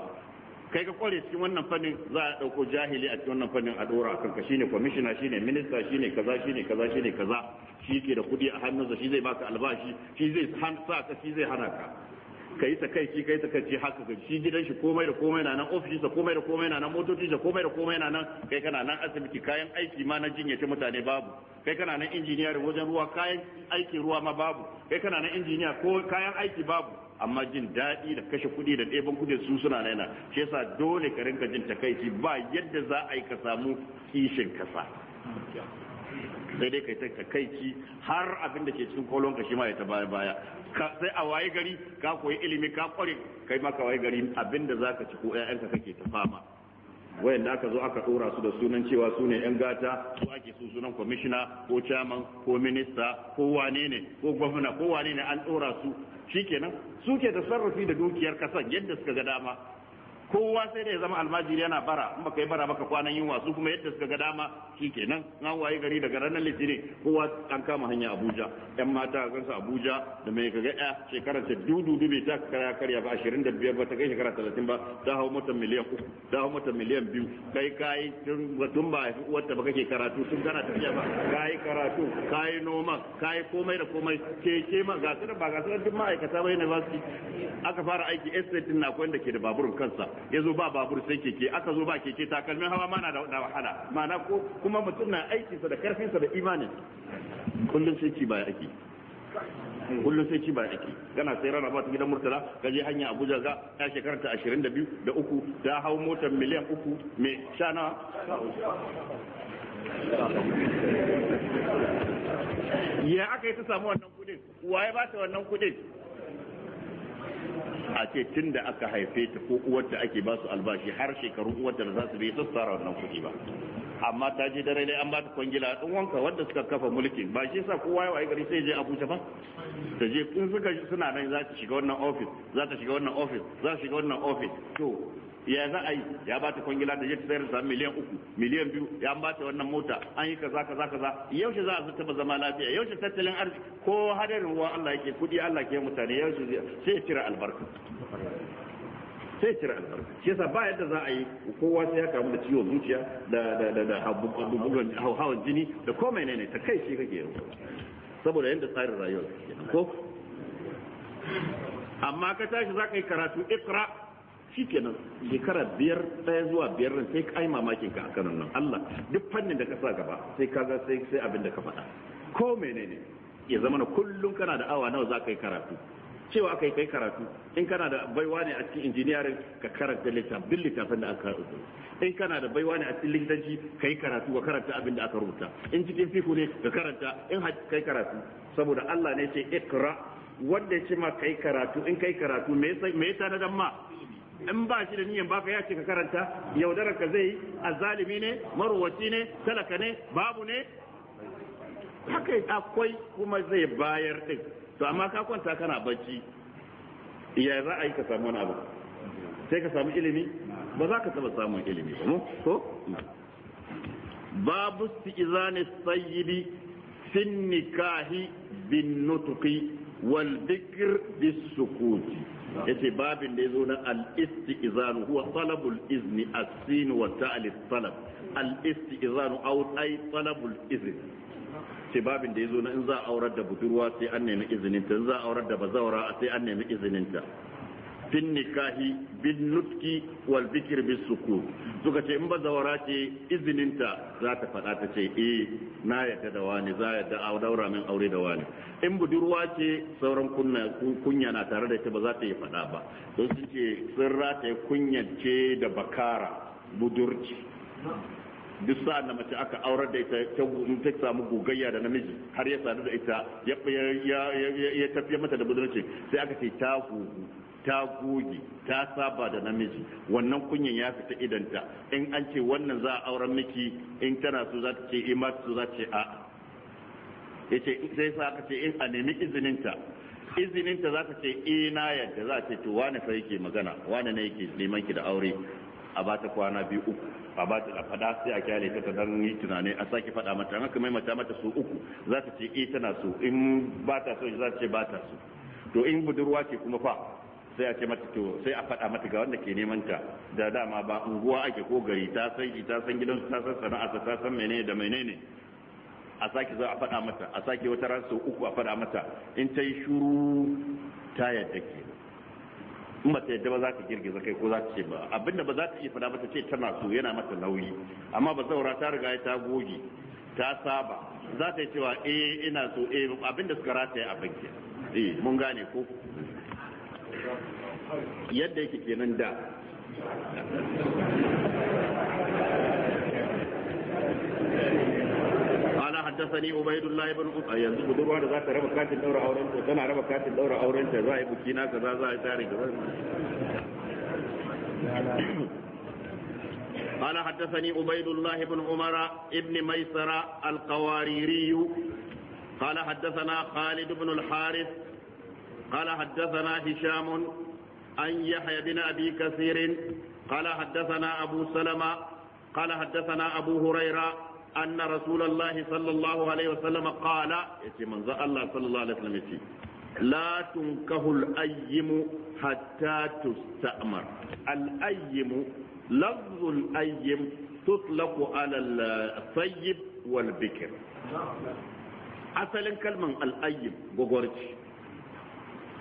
kai ka kware cikin wannan fannin za a ɗauko jahili a cikin wannan fannin a dora a kanka shine kwamishina shine minista shine kaza shine kaza shine kaza shi ke da kuɗi a hannunsa shi zai baka albashi shi zai shi zai hana ka kai ta kai kai ta kai haka ga shi gidan shi komai da komai na nan ofishin sa komai da komai na nan motocin sa komai da komai na nan kai kana nan asibiti kayan aiki ma na ta mutane babu kai kana nan injiniya da wajen ruwa kayan aikin ruwa ma babu kai kana nan injiniya ko kayan aiki babu amma jin daɗi da kashe kuɗi da ɗeban kuɗi su suna yana shi yasa dole ka rinka jin takaici ba yadda za a yi ka samu kishin kasa sai dai kai ta kaici har abin da ke cikin kolon ka shi ma ya ta baya baya sai a waye gari ka koyi ilimi ka kware kai ma ka waye gari abin da zaka ci ko ka kake ta fama da aka zo aka dora su da sunan cewa su ne yan gata su ake su sunan kwamishina ko chairman ko minista ko wane ne ko gwamna ko wane ne an dora su shikenan su ke sarrafi da dukiyar kasan yadda suka ga dama kowa sai da ya zama almajiri yana bara in baka yi bara baka kwanan yunwa su kuma yadda suka ga dama shikenan an waye gari daga ranar litinin kowa an kama hanya abuja yan mata a gansu abuja da mai kaga ya shekarar ta dudu dubi ta kara karya ba ashirin da biyar ba ta kai shekara talatin ba ta hau mata miliyan uku ta hau mata miliyan biyu kai kayi tun ba wata ba ke karatu tun kana tafiya ba kayi karatu kayi noma kayi komai da komai keke ma ga ba ga duk ma'aikata ba university aka fara aiki estate na akwai da ke da baburin kansa ya zo ba babur sai keke aka zo ba keke takalmin hawa mana da wahala mana ko kuma mutum na aikinsa da karfinsa da imanin kullum sai ci baya ake kullum sai ci ba ake kana sai rana ba ta gidan murtala ka je hanya abuja ga ya shekarar ta ashirin da biyu da uku ta hau motar miliyan uku mai shana ya aka yi ta samu wannan kudin waye ba ta wannan kudin a ce tun da aka haife ta ko uwarta ake ba su albashi har shekarun uwarta da za su bai sassara wannan kuɗi ba amma ta je dare dai an ba ta kwangila din wanka wanda suka kafa mulkin ba shi yasa kowa ya gari sai je Abuja ba ta je in suka suna nan za ta shiga wannan office za ta shiga wannan office za ta shiga wannan office to ya za a yi ya ba ta kwangila da je ta sayar da miliyan uku miliyan biyu ya ba ta wannan mota an yi kaza kaza kaza yaushe za a zuta zama lafiya yaushe tattalin arziki ko hadarin ruwa Allah yake kudi Allah ke mutane yaushe sai ya cire albarka sai cire albarka shi yasa ba yadda za a yi kowa sai ya kamu da ciwon zuciya da da da da hawan jini da ko mai ta kai shi kake yi saboda yadda tsarin rayuwar ko amma ka tashi za ka yi karatu ikra shikenan shekara biyar ɗaya zuwa biyar nan sai ka yi mamakin ka akan nan Allah duk fannin da ka sa gaba sai ka ga sai sai abin da ka faɗa ko menene ya zama na kullum kana da awa nawa za ka yi karatu cewa aka yi kai karatu in kana da baiwa ne a cikin injiniyarin ka karanta littafin littafin da aka rubuta in kana da baiwa ne a cikin likitanci ka yi karatu ka karanta abin da aka rubuta in cikin fiku ne ka karanta in kai karatu saboda Allah ne ce ikra wanda ya ce ma kai karatu in kai karatu me yasa na dan ma in ba shi da niyan baka ya ce ka karanta yaudarar ka zai azalimi ne maruwaci ne talaka ne babu ne haka akwai kuma zai bayar din to amma ka kwanta kana bacci ya za a yi ka samu wani abu sai ka samu ilimi ba za ka taba samun ilimi ba mu ko babu izanis sayyidi fin nikahi bin nutuqi wal dhikr bis sukuti yace babin da yazo na al istizanu huwa talabul izni as-sin wa talab al istizanu aw ay talabul izni ce babin da ya zo na in za a aurar da budurwa sai an nemi izininta in za a aurar da bazawara sai an nemi izininta bin nikahi bin nutki wal bikir bis suku suka ce in bazawara ce izininta za ta faɗa ta ce eh na yadda da wani za ya a daura min aure da wani in budurwa ce sauran kunya na tare da ita ba za ta yi faɗa ba don sun ce sun rataye kunyance da bakara budurci duk sa'an da mace aka aurar da ita ta ta samu gogayya da namiji har ya sadu da ita ya ya tafiya mata da budurci sai aka ce ta gugu ta goge ta saba da namiji wannan kunyan ya fita idanta in an ce wannan za a auren miki in tana so za ta ce in ma so za ta ce a. yace sai sa aka ce in a nemi izininta izininta za ta ce eh na yadda za ta ce to wane fa yake magana wane ne yake neman ki da aure a ba ta kwana biyu uku a ba ta fada sai a kyale ta dan yi tunani a sake fada mata haka mai mata mata su uku za ta ce eh tana so in ba ta so za ta ce ba ta so to in budurwa ce kuma fa sai a ce mata to sai a faɗa mata ga wanda ke neman ta da dama ba unguwa ake ko gari ta san shi ta san gidansu ta san sana'a ta san menene da menene a sake za a faɗa mata a sake wata ran sau uku a faɗa mata in ta yi shuru ta yadda ke in ba yadda ba za ka girgiza kai ko za ta ce ba abinda ba za ta iya fada ba ta ce tana so yana mata nauyi amma ba zaura ta riga ta goge ta saba za ta yi cewa eh ina so eh abinda suka rataya a banki eh mun gane ko yadda yake kenan da قال حدثني عبيد الله بن عمر yanzu budurwa da za ta raba katin daura auren ta tana raba katin daura auren ta za a yi buki na kaza za a yi tare kaza قال حدثني عبيد الله بن عمر ابن ميسر القواريري قال حدثنا خالد بن الحارث قال حدثنا هشام عن يحيى بن ابي كثير قال حدثنا ابو سلمه قال حدثنا ابو هريره أن رسول الله صلى الله عليه وسلم قال يتي من الله صلى الله عليه وسلم يتي لا تنكه الأيم حتى تستأمر الأيم لفظ الأيم تطلق على الطيب والبكر asalin kalman al'ayyib gwagwarci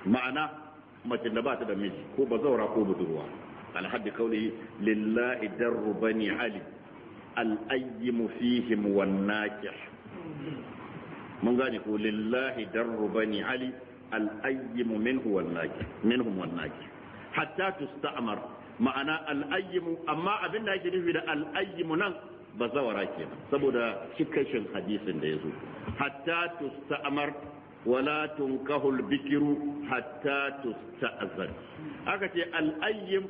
ma'ana mace da ba ta da miji ko ba zaura ko budurwa alhaddi kauli lillahi darru bani ali al'ayyimu fihim wan naqih mun gane ko lillahi darru bani ali al'ayyimu minhu wan naqih minhum wan naqih hatta tusta'mar ma'ana al'ayyimu amma abin da ake nufi da al'ayyimu nan ba zawara ke nan. saboda cikashin hadisin da ya yazo hatta tusta'mar wala tunkahul bikiru hatta tusta'zan aka ce al'ayyim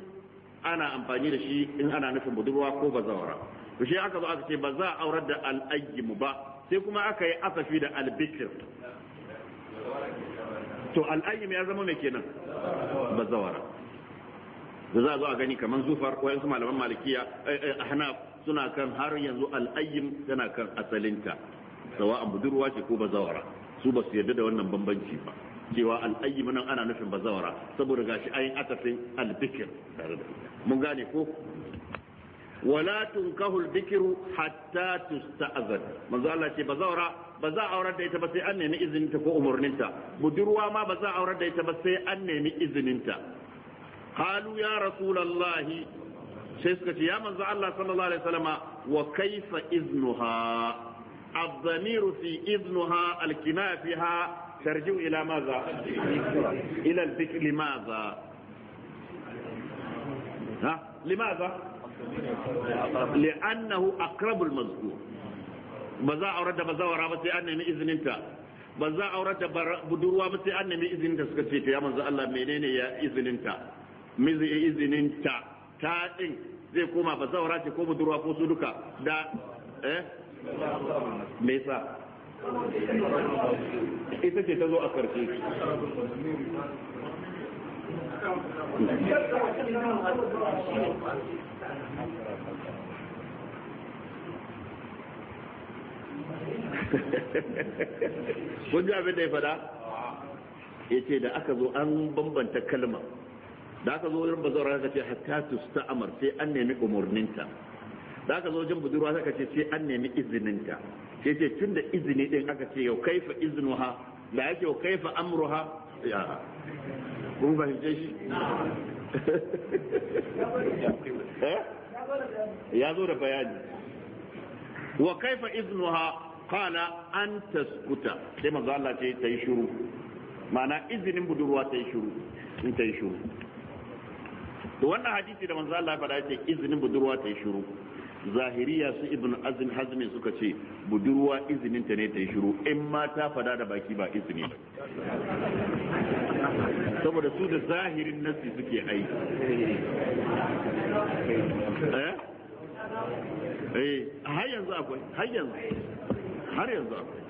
ana amfani da shi in ana nufin budurwa ko bazawara to shi aka zo aka ce ba za a aurar da al'ayyimu ba sai kuma aka yi asafi da albikir to al'ayyim ya zama mai kenan ba zawara da za a zo a gani kamar zufar wayansu malaman malikiya hana eh, eh, suna kan har yanzu al'ayyim tana kan asalinta sawa a budurwa ce ko bazawara su ba su yarda da wannan bambanci ba cewa al'ayyim nan ana nufin bazawara saboda gashi ayin atafin albikir tare da mun gane ko wala tunkahu al-bikru hatta tusta'zan manzo Allah ce ba za zaura ba za a aurar da ita ba sai an nemi izinin ta ko umurnin ta budurwa ma ba za a aurar da ita ba sai an nemi izinin ta qalu ya rasulullahi sai suka ce ya manzo Allah sallallahu alaihi wasallama wa kaifa iznuha الضمير في إذنها الكناية فيها ترجع إلى ماذا؟ إلى الفكر لماذا؟ ها؟ لماذا؟ li'annahu aqrabul mazkur ba za a aurar da bazawara ba sai an nemi izininta ba za a aurar da budurwa ba sai an nemi izininta suka ce ya manzo Allah menene ya izininta mizi izininta ta din zai koma bazawara ce ko budurwa ko su duka me yasa ita ce ta zo a karshe kun abin da ya fada ya ce da aka zo an bambanta kalma da aka zo wajen bazawar aka ce hatta ta amar sai an nemi umarninta da aka zo wajen budurwa aka ce sai an nemi izininta Ya ce tun da izini din aka ce yau kaifa izinuha da yake yau kaifa amruha ya mun fahimce shi eh? ya zo da bayani wa kaifa iznuha qala an taskuta sai manzo Allah ce ta yi shuru ma'ana izinin budurwa ta yi shuru in ta yi shuru to wannan hadisi da manzo Allah faɗa ce izinin budurwa ta yi shuru zahiriya su ibn azin hazmin suka ce budurwa izinin ta ne ta yi shuru in ma ta faɗa da baki ba izini ba saboda su da zahirin nasi suke aiki eh? eh har yanzu akwai har yanzu har yanzu akwai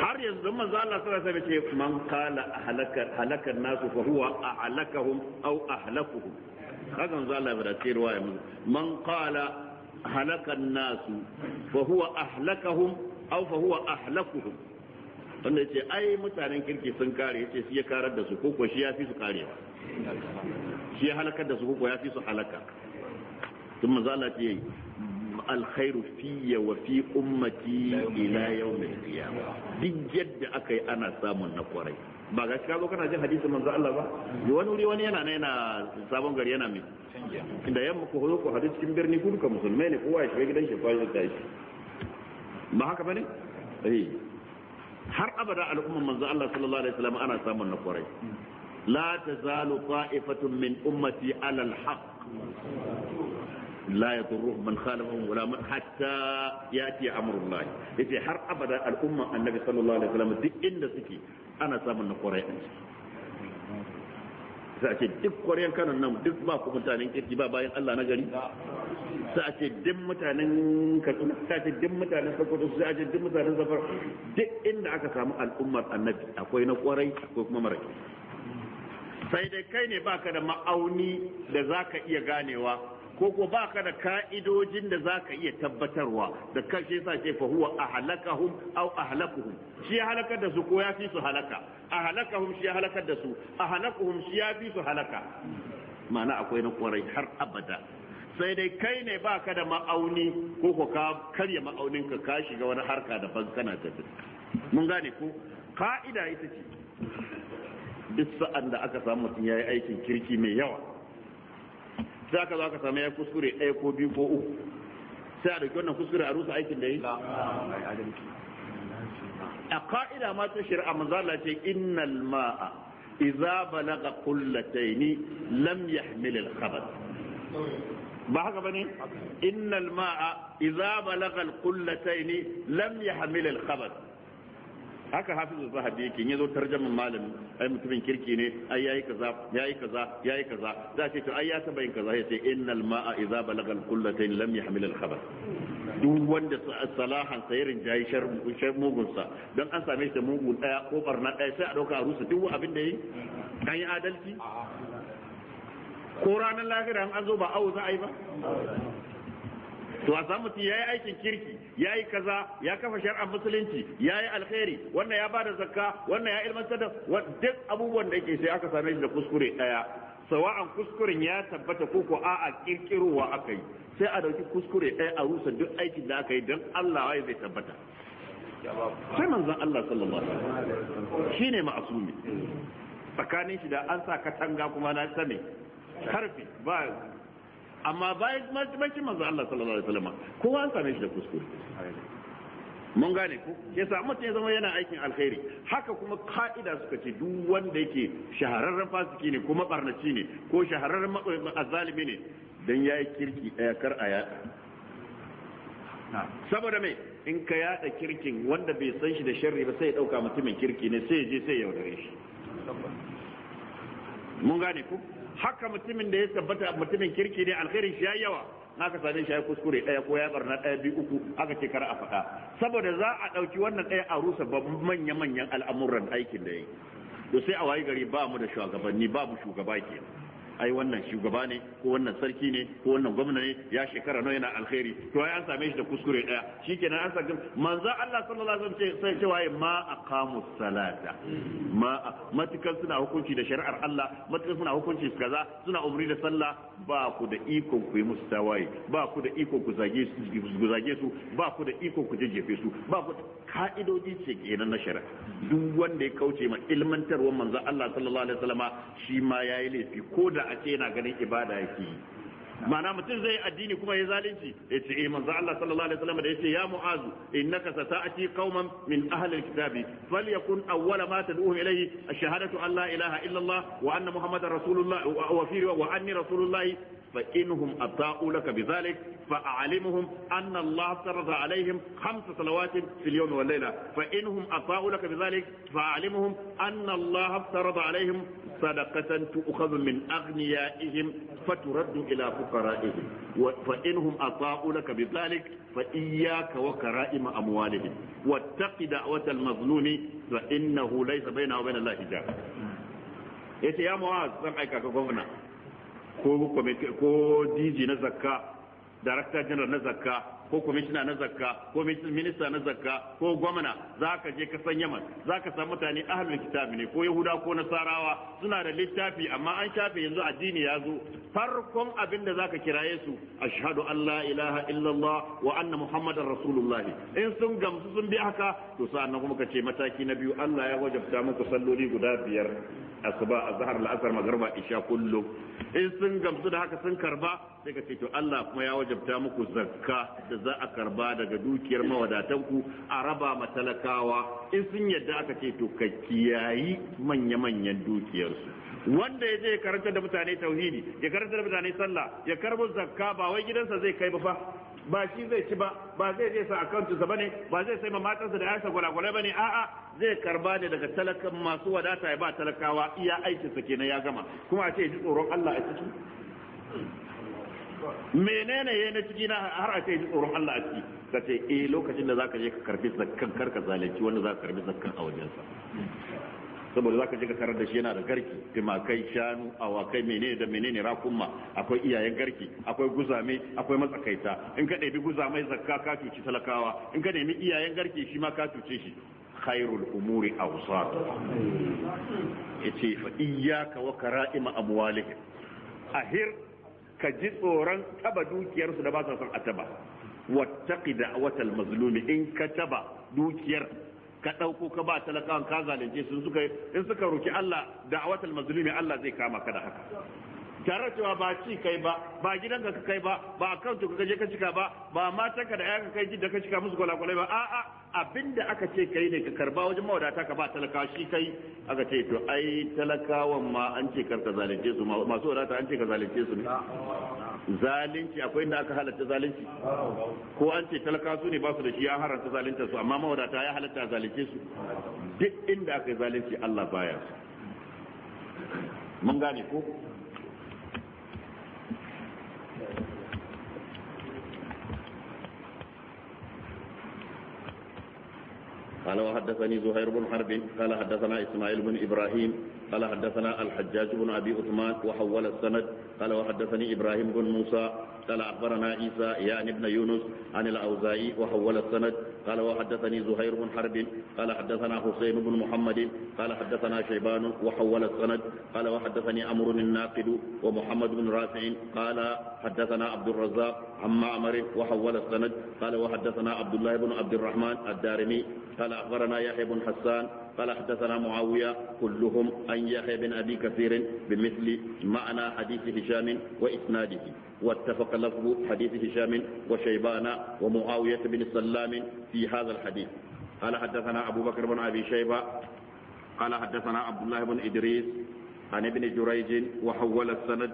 har yanzu manzo Allah sallallahu sai ce man kala halakar halaka nasu fa huwa a ahlakahum aw ahlakuhum kaga za Allah bada ce ruwaya mun man kala halakar nasu fa huwa ahlakahum aw fa huwa ahlakuhum wanda ce ai mutanen kirki sun kare ce shi ya karar da su koko shi ya fi su karewa shi ya halakar da su koko ya fi su halaka sun manzo Allah ce alkhairu fiyya wa fi ummati ila mai qiyamah duk yadda yi ana samun na kwarai ba ga shi kazo kana jin hadisin manzo Allah ba yi wani wuri wani yana yana sabon gari yana mai inda yamma ko zo ko hadis cikin birni ku duka musulmai ne kowa ya shiga gidan shi fa ya tashi ba haka bane eh har abada al'umman manzo Allah sallallahu alaihi wasallam ana samun na kwarai la tazalu qa'ifatun min ummati ala al-haq la yadurruhum man khalafahum wala man hatta yati amrullah yace har abada al'umman annabi sallallahu alaihi wasallam duk inda suke ana samun na kwarai sai ce duk kwaryan kanan nan duk ba ku mutanen kirki ba bayan Allah na gari sai a ce duk mutanen Katsina sai a ce duk mutanen Sokoto sai a ce duk mutanen Zafar duk inda aka samu al'ummar Annabi akwai na kwarai akwai kuma mara sai dai kai ne baka da ma'auni da zaka iya ganewa ko ko ba ka da ka'idojin da za ka iya tabbatarwa da kashe sa ce fa huwa ahlakahum aw ahlakuhum shi ya halakar da su ko ya fi su halaka ahlakahum shi ya halakar da su ahlakuhum shi ya fi su halaka ma'ana akwai na kwarai har abada sai dai kai ne ba ka da ma'auni ko ko ka karya ma'aunin ka ka shiga wani harka da ban kana tafi mun gane ko ka'ida ita ce duk sa'an da aka samu mutum yayi aikin kirki mai yawa za ka za ka samu ya kuskure ɗaya ko biyu ko uku sai a ɗauki wannan kuskure a rusa aikin da yi a ka'ida ma ta shari'a manzala ce innal ma'a idza balaga qullataini lam yahmil al khabath ba haka bane innal ma'a idza balaga al qullataini lam yahmil al haka hafizu zahabi yake in yazo tarjaman malamin ai mutumin kirki ne ai yayi kaza yayi kaza yayi kaza za ce to ai ya taba yin kaza ya innal ma'a idza balaga al qullatayn lam yahmil al khabath duk wanda salahan sayirin jayi shar mugun sa dan an same shi da mugun daya ko barna daya sai a dauka a rusa duk abin da yi dan yi adalci ko ranar lahira an zo ba awu za a yi ba to a samu ya yayi aikin kirki yayi kaza ya kafa shar'an musulunci yayi alkhairi wannan ya bada zakka wannan ya ilmantar da duk abubuwan da yake sai aka same da kuskure daya sawa'an kuskuren ya tabbata ko ko a'a kirkirowa aka yi sai a dauki kuskure ɗaya a rusa duk aikin da aka yi don Allah ya zai tabbata sai manzon Allah sallallahu alaihi wasallam shine ma'asumi tsakanin shi da an sa katanga kuma na sani karfi ba amma bayan bakin manzo Allah sallallahu alaihi wasallam kowa an same shi da kuskure mun gane ko Ke sa mutum ya zama yana aikin alkhairi haka kuma ka'ida suka ce duk wanda yake shahararren fasiki ne ko mabarnaci ne ko shahararren azalimi ne dan yayi kirki daya kar a saboda mai in ka yada kirkin wanda bai san shi da sharri ba sai ya dauka mutumin kirki ne sai ya je sai ya yaudare shi mun gane ku haka mutumin da ya tabbata mutumin kirki ne alkhairin shi yayi yawa naka same shi ya kuskure daya ko ya barna daya bi uku aka ce kar a faɗa saboda za a ɗauki wannan daya a rusa manya manyan al'amuran aikin da yake to sai a wayi gari ba mu da shugabanni ba mu shugaba kenan ai wannan shugaba ne ko wannan sarki ne ko wannan gwamna ne ya shekara nawa yana alkhairi to ai an same shi da kuskure daya shikenan an saka manzo Allah sallallahu alaihi wasallam sai waye ma aqamu salata ma matukan suna hukunci da shari'ar Allah matukan suna hukunci kaza suna umri da sallah ba ku da ikon ku yi musu tawaye ba ku da ikon ku zage su ba ku da ikon ku jajjefe su ba ku ka'idoji ce kenan na shari'a duk wanda ya kauce ma ilmantarwar manzo Allah sallallahu alaihi wasallama shi ma yayi laifi ko da a ce yana ganin ibada yake yi ma'ana mutum zai addini kuma ya zalunci ya ce eh manzo Allah sallallahu alaihi wasallam da yace ya mu'azu innaka sata'ati qauman min ahli alkitabi falyakun awwala ma tad'uhum ilayhi ash-shahadatu an la ilaha illa Allah wa anna muhammadar rasulullah wa fi wa anni rasulullah فإنهم أطاعوا لك بذلك فأعلمهم أن الله فرض عليهم خمس صلوات في اليوم والليلة فإنهم أطاعوا لك بذلك فأعلمهم أن الله فرض عليهم صدقة تؤخذ من أغنيائهم فترد إلى فقرائهم فإنهم أطاعوا لك بذلك فإياك وكرائم أموالهم واتق دعوة المظلوم فإنه ليس بينه وبين الله حجاب. يا معاذ سمعك كفونا ko ko dj na zakka director general na zakka ko kwamishina na zakka ko minista na zakka ko gwamna za ka je ka san yaman ka san mutane ahlul kitabi ne ko yahuda ko nasarawa suna da littafi amma an shafe yanzu addini ya zo farkon abin da za ka kiraye su ashhadu an la ilaha illallah wa anna muhammadar rasulullahi in sun gamsu sun bi haka to sa'annan kuma ka ce mataki na biyu Allah ya wajabta muku salloli guda biyar asuba azhar la'asar magriba isha kullum in sun gamsu da haka sun karba sai ka ce to Allah kuma ya wajabta muku zakka da za a karba daga dukiyar ku a raba ma talakawa in sun yadda aka ce to ka kiyayi manya-manyan dukiyarsu wanda ya je ya karanta da mutane tauhidi ya karanta da mutane sallah ya karbo zakka ba wai gidansa zai kai ba fa ba shi zai ci ba ba zai je sa sa bane ba zai sai ma matarsa da yasa gwalagwalai bane a'a zai karba ne daga talakan masu wadata ya ba talakawa iya aikinsa kenan ya gama kuma a ce ji tsoron Allah a ciki menene yayi na ciki na har a kai tsoron Allah a ciki ka ce eh lokacin da zaka je ka karbi zakkan kar ka zalunci wanda zaka karbi zakkan a wajen sa saboda zaka je ka tarar da shi yana da garki timakai shanu awakai menene da menene rakumma akwai iyayen garki akwai guzame akwai matsakaita in ka ɗebi guzamai zakka ka cuci talakawa in ka nemi iyayen garki shi ma ka cuce shi khairul umuri awsatu yace fa iyyaka wa kara'ima amwalihim ahir ka ji tsoron taba dukiyarsu da ba sa son a taba wattaqi da'watal mazlumi in ka taba dukiyar ka dauko ka ba talakawan ka zalunce sun suka in suka roki Allah da'watal mazlumi Allah zai kama ka da haka tare cewa ba ci kai ba ba gidanka ka kai ba ba account ka je ka cika ba ba matanka da ka kai ji ka cika musu kwalakwalai ba a'a abinda aka ce kai ne ka karba wajen mawadata ka ba talaka shi kai aka ce to ai talakawan ma an ce karka zalunce su masu wadata an ce ka zalunce su ne zalunci akwai inda aka halatta zalunci ko an ce talaka su ne ba su da shi ya haranta zalunta su amma mawadata ya halatta zalunce su duk inda aka yi zalunci Allah baya su mun gane ko قال وحدثني زهير بن حرب قال حدثنا إسماعيل بن إبراهيم قال حدثنا الحجاج بن أبي عثمان وحول السند قال وحدثني إبراهيم بن موسى قال أخبرنا عيسى يعني ابن يونس عن الأوزاعي وحول السند قال وحدثني زهير بن حرب قال حدثنا حسين بن محمد قال حدثنا شيبان وحول السند قال وحدثني امر الناقد ومحمد بن رافع قال حدثنا عبد الرزاق عن معمر وحول السند قال وحدثنا عبد الله بن عبد الرحمن الدارمي قال أخبرنا يحيى بن حسان قال حدثنا معاوية كلهم عن يحيى بن أبي كثير بمثل معنى حديث هشام وإسناده واتفق لفظ حديث هشام وشيبان ومعاوية بن سلام في هذا الحديث قال حدثنا أبو بكر بن أبي شيبة قال حدثنا عبد الله بن إدريس عن ابن جريج وحول السند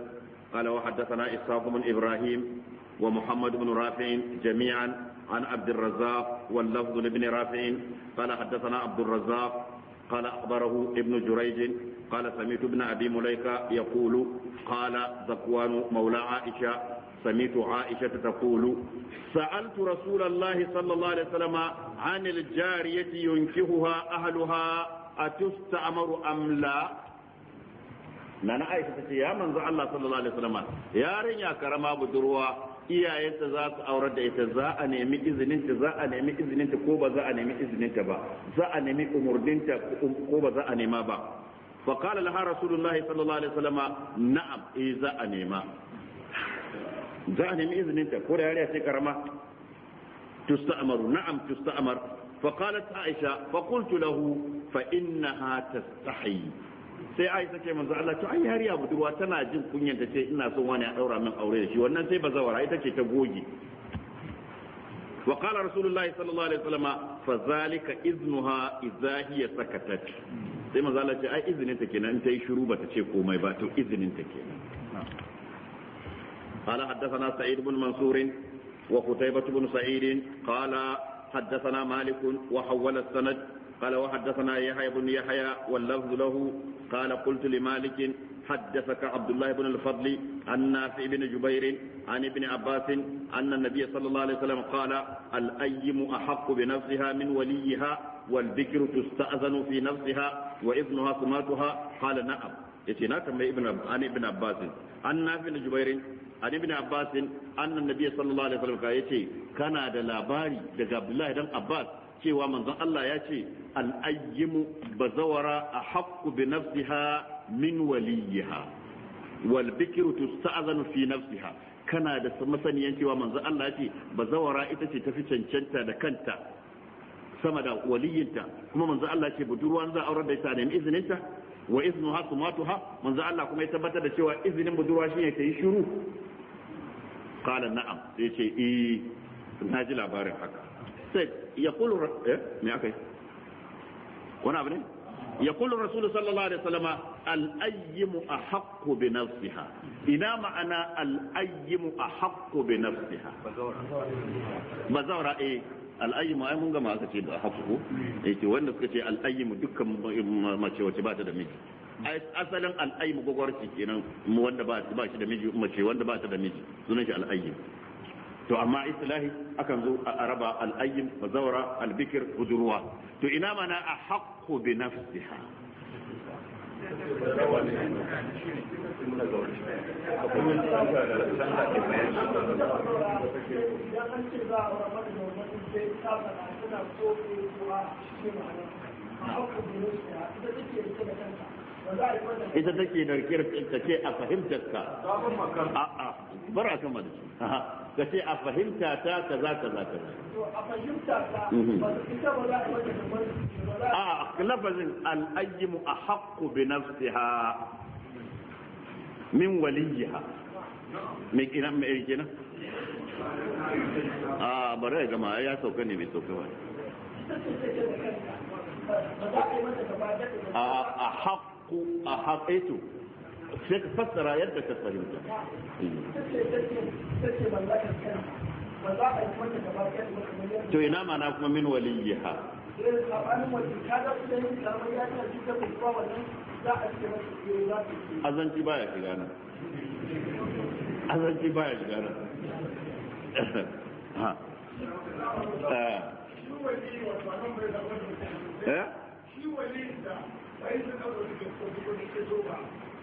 قال وحدثنا إسحاق بن إبراهيم ومحمد بن رافع جميعا عن عبد الرزاق واللفظ لابن رافع قال حدثنا عبد الرزاق قال أخبره ابن جريج قال سمعت ابن أبي مليكة يقول قال ذكوان مولى عائشة سمعت عائشة تقول سألت رسول الله صلى الله عليه وسلم عن الجارية ينكهها أهلها أتستأمر أم لا nana aisha ta ce ya manzo Allah sallallahu alaihi wasallam yarinya karama budurwa iyayenta za su aurar da ita za a nemi izininta za a nemi izininta ko ba za a nemi izininta ba za a nemi umurninta ko ba za a nema ba fa qala laha rasulullahi sallallahu alaihi wasallam na'am eh za a nema za a nemi izininta ko da yariya ce karama tusta'maru na'am tusta'mar fa qalat aisha fa qultu lahu fa innaha tastahi sai aisha ce manzo Allah to ai har ya buduwa tana jin kunyan ta ce ina son wani ya daura min aure da shi wannan sai bazawara ita ce ta goge wa qala rasulullahi sallallahu alaihi wasallam fa zalika iznuha idza hiya sakatat sai manzo Allah ce ai izinin ta kenan in ta yi shiru bata ce komai ba to izinin ta kenan قال حدثنا سعيد بن منصور وقتيبة بن سعيد قال حدثنا مالك وحول السند قال وحدثنا يحيى بن يحيى واللفظ له قال قلت لمالك حدثك عبد الله بن الفضل عن نافع بن جبير عن ابن عباس أن النبي صلى الله عليه وسلم قال الأيم أحق بنفسها من وليها والذكر تستأذن في نفسها وابنها سماتها قال نعم يتناك ابن عن ابن عباس عن نافع بن جبير عن ابن عباس أن النبي صلى الله عليه وسلم قال كان هذا لاباري لقى عبد الله بن عباس cewa manzon Allah ya ce al'ayyimu bazawara a haƙƙu bi nafsiha min waliyiha wal bikiru tusta'zanu fi nafsiha kana da masaniyan cewa manzon Allah ya ce bazawara ita ce tafi cancanta da kanta sama da waliyinta kuma manzon Allah ya ce budurwan za aurar da ita da izininta wa iznu hasumatuha manzon Allah kuma ya tabbatar da cewa izinin budurwa shine ta yi shiru qala na'am sai ce eh na ji labarin haka said ya kulu eh, me aka yi wani abu ne ya kulu rasulu sallallahu alaihi wasallama mu a haƙƙo bi ha ina ma'ana mu a haƙƙo bi ha ba zaura eh al'ayyimu ai mun gama aka ce da haƙƙo yake eh, wanda suka ce al'ayyimu dukkan mace wacce ba ta da miji asalin mu al'ayyimu gwagwarci kenan wanda ba shi da miji mace wanda ba ta da miji sunan shi al'ayyimu to amma islahi akan zo a raba al'ayyin bazawara albikir budurwa to ina mana a haqqu bi nafsiha ita take da kirkin ta ce a fahimtar ka a'a bar a kan da ka ce a fahimta ta za ka za a fahimta ta mhm. ita ba za a yi a lafazin al'ayyimu a haƙƙu bi nafsiha min waliyiha mai kinan mai kinan a ah, bari ya gama ya sauka ne mai sauka ba a haƙƙu a haƙƙetu sai ka fassara yadda ka fahimta to ina mana kuma min waliyiha azanci baya shiga nan azanci baya shiga nan ha eh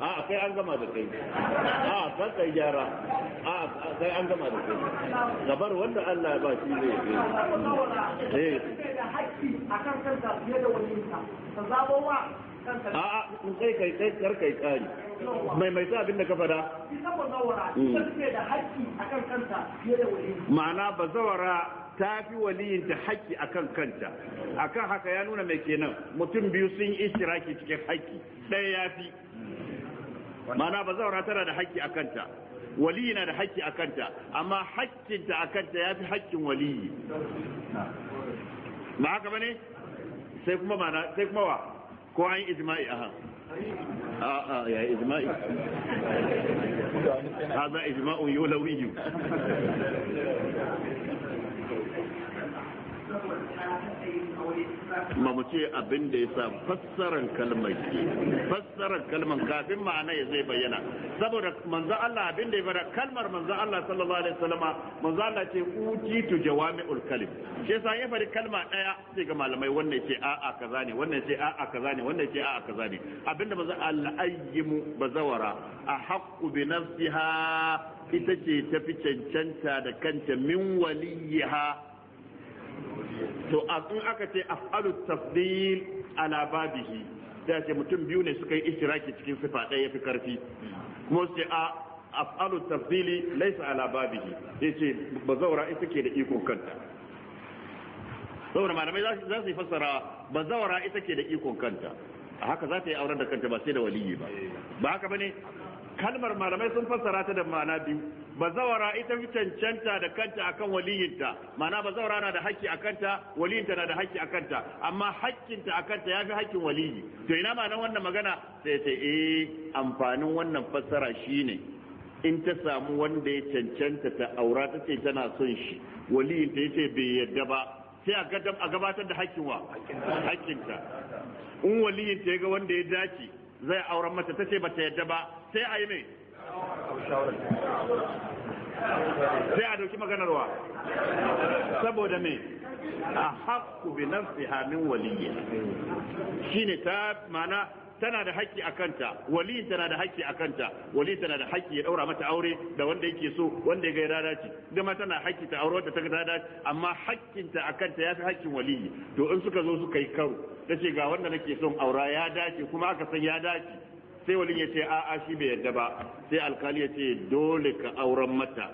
a kai an gama da kai a kan kai gyara a kai an gama da kai gabar wanda Allah ya ba shi zai yi a a in kai kai kai kar kai kari mai mai sa abin da ka fada mm. ma'ana bazawara ta fi ta haƙƙi a kan kanta a kan haka ya nuna mai kenan mutum biyu sun yi shiraki cikin haƙƙi ɗaya ya fi mana ba zaura tana da haƙƙi a kanta wali na da haƙƙi a kanta amma haƙƙinta a kanta ya fi haƙƙin waliyi ba haka ba ne sai kuma mana sai kuma wa ko an yi ijma'i a ha a a ya yi ijma'i haza ijma'un yau lawiyu ma mu ce abin da ya sa fassarar kalmar ke fassarar kalmar kafin ma'ana ya zai bayyana saboda manzo Allah abin da ya fara kalmar manzo Allah sallallahu alaihi wasallama manzo Allah ce utitu jawami'ul kalim shi yasa ya fari kalma daya sai ga malamai wannan ce a a kaza ne wannan ce a a kaza ne wannan ce a a kaza ne abinda manzo Allah ayyimu bazawara ahaqqu bi nafsiha ita ce ta fi cancanta da kanta min ha. to in aka ce af'alu tafdil ala babihi da ce mutum biyu ne suka yi ishtiraki cikin sifa ɗaya yafi karfi kuma su a af'alu tafdili laysa ala babihi ba zaura ita ke da iko kanta saboda malamai za su yi fassara zaura ita ke da iko kanta A haka za ta yi auren da kanta ba sai da waliyi ba ba haka bane kalmar malamai sun fassara ta da ma'ana biyu Ba zawara ita fi cancanta da kanta akan waliyinta ma'ana zawara na da haƙƙi akanta waliyinta na da haƙƙi akanta amma haƙƙinta akanta ya fi haƙƙin waliyi to ina ma'anar wannan magana sai ta eh amfanin wannan fassara shine in ta samu wanda ya cancanta ta aura ta ce tana son shi waliyinta ya ce bai yadda ba sai a gabatar da haƙƙin wa haƙƙinta in waliyinta ya ga wanda ya dace zai auren mata ta ce ta yadda ba sai a yi mai sai a dauki maganarwa saboda me a haƙƙu bi nan min waliyya shine ta mana tana da haƙƙi a kanta wali tana da haƙƙi a kanta waliyin tana da haƙƙi ya ɗaura mata aure da wanda yake so wanda ya ga dace da ma tana haƙƙi ta aure wadda ta ga dace amma haƙƙinta a kanta ya fi haƙƙin waliyi to in suka zo suka yi karo ta ce ga wanda nake son aura ya dace kuma aka san ya dace sai walin ya ce a'a shi bai yadda ba sai alkali ya ce dole ka auren mata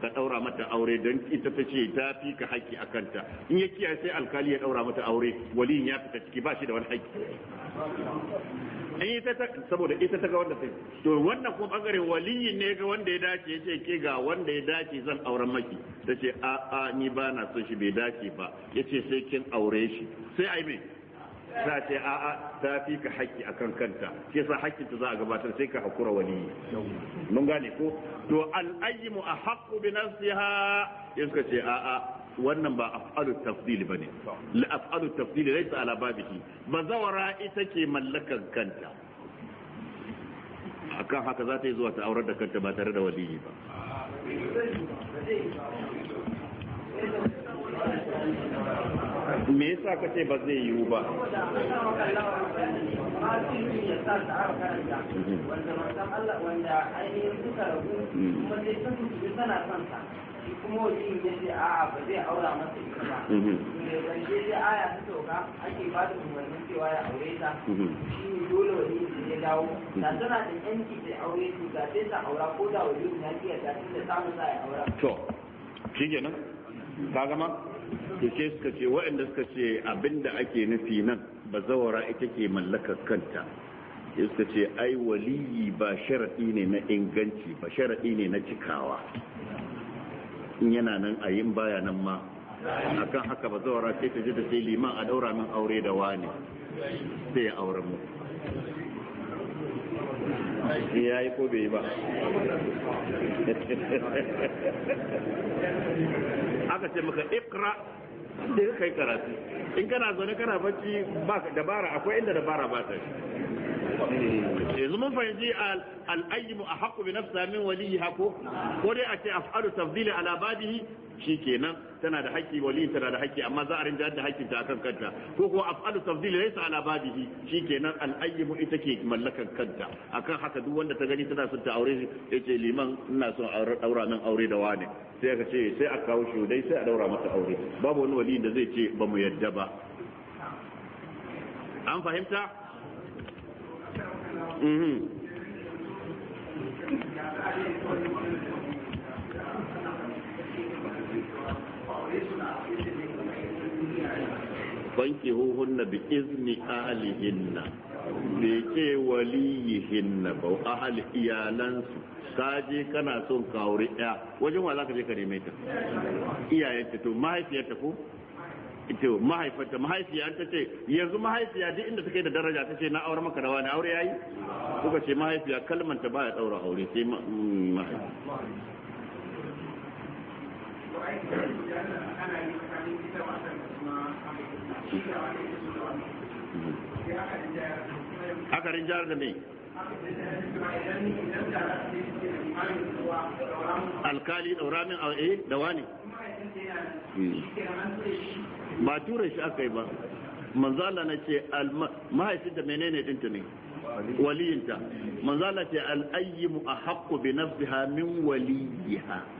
ka daura mata aure don ita ta ce ta fi ka haƙƙi a kanta in ya kiyaye sai alkali ya daura mata aure wali ya fita ciki ba shi da wani haƙƙi ta saboda ita ta ga wanda sai to wannan kuma bangare waliyin ne ga wanda ya dace ya ce ke ga wanda ya dace zan auren maki ta ce a a ni ba na son shi bai dace ba ya ce sai kin aure shi sai ai mai za a ce a'a ta fi ka haƙƙi a kan kanta ke sa haƙƙinta ta za a gabatar sai ka haƙura wani mun gane ko to al'ayyimu a haƙƙu bi nafsiha ya suka ce a'a wannan ba af'alu tafdil bane la af'alu tafdil laysa ala babihi bazawara ita ke mallakar kanta akan haka za ta yi zuwa ta aurar da kanta ba tare da waliyi ba me yasa kace ba zai yiwu ba wanda ainihin kuma wajen ba zai aura masa ba da ƙarshe aya ake ba da ya aure ta shi dole wani ya dawo da tana da yanki da aure su sai ta aura ko da wajen ya ce ya ta za a aura to shi gama to sai suka ce waɗanda suka ce abinda ake nufi nan ba zawara ita ke mallakar kanta sai suka ce ai waliyi ba sharaɗi ne na inganci ba sharaɗi ne na cikawa in yana nan a yin baya nan ma akan haka ba zawara sai ta ji da sai liman a daura min aure da wani sai ya aure mu ya yi ko bai ba aka ce maka ikra sai ka kai karatu in kana zaune kana bacci ba dabara akwai inda dabara ba ta yanzu mun fahimci al'ayyimu a haƙu bi nafsa min waliyi hako ko dai a ce af'alu tafdili ala badihi shikenan tana da haƙƙi wali tana da haƙƙi amma za a rinja da haƙƙin ta akan kanta ko ko af'alu tafdil laysa ala babihi shikenan al ita ke mallakan kanta akan haka duk wanda ta gani tana son ta aure yace liman ina son daura nan aure da wani sai ka ce sai a kawo shodai sai a daura mata aure babu wani wali da zai ce ba mu yadda ba an fahimta mhm banki fanki hunna bi izni ahlihinna bai ce waliyihinna ba ahli iyalansu ka je kana son ka aure ya wajen wa zaka je ka iyayen ta iyayenta mahaifiyar ta ku ita mahaifarta mahaifiya ta ce yanzu mahaifiya duk inda ta take da daraja ta ce na aure maka da wani aure yayi kuka ce mahaifiya kalmanta baya daura aure sai mahaifi akarin jihar da mai alkali daura min a eh, da wani ba tura shi aka yi ba manzala na ce mahaifinta menene dinta ne waliyinta manzala ce al'ayyimu a haƙƙo bi nafsiha min waliyiha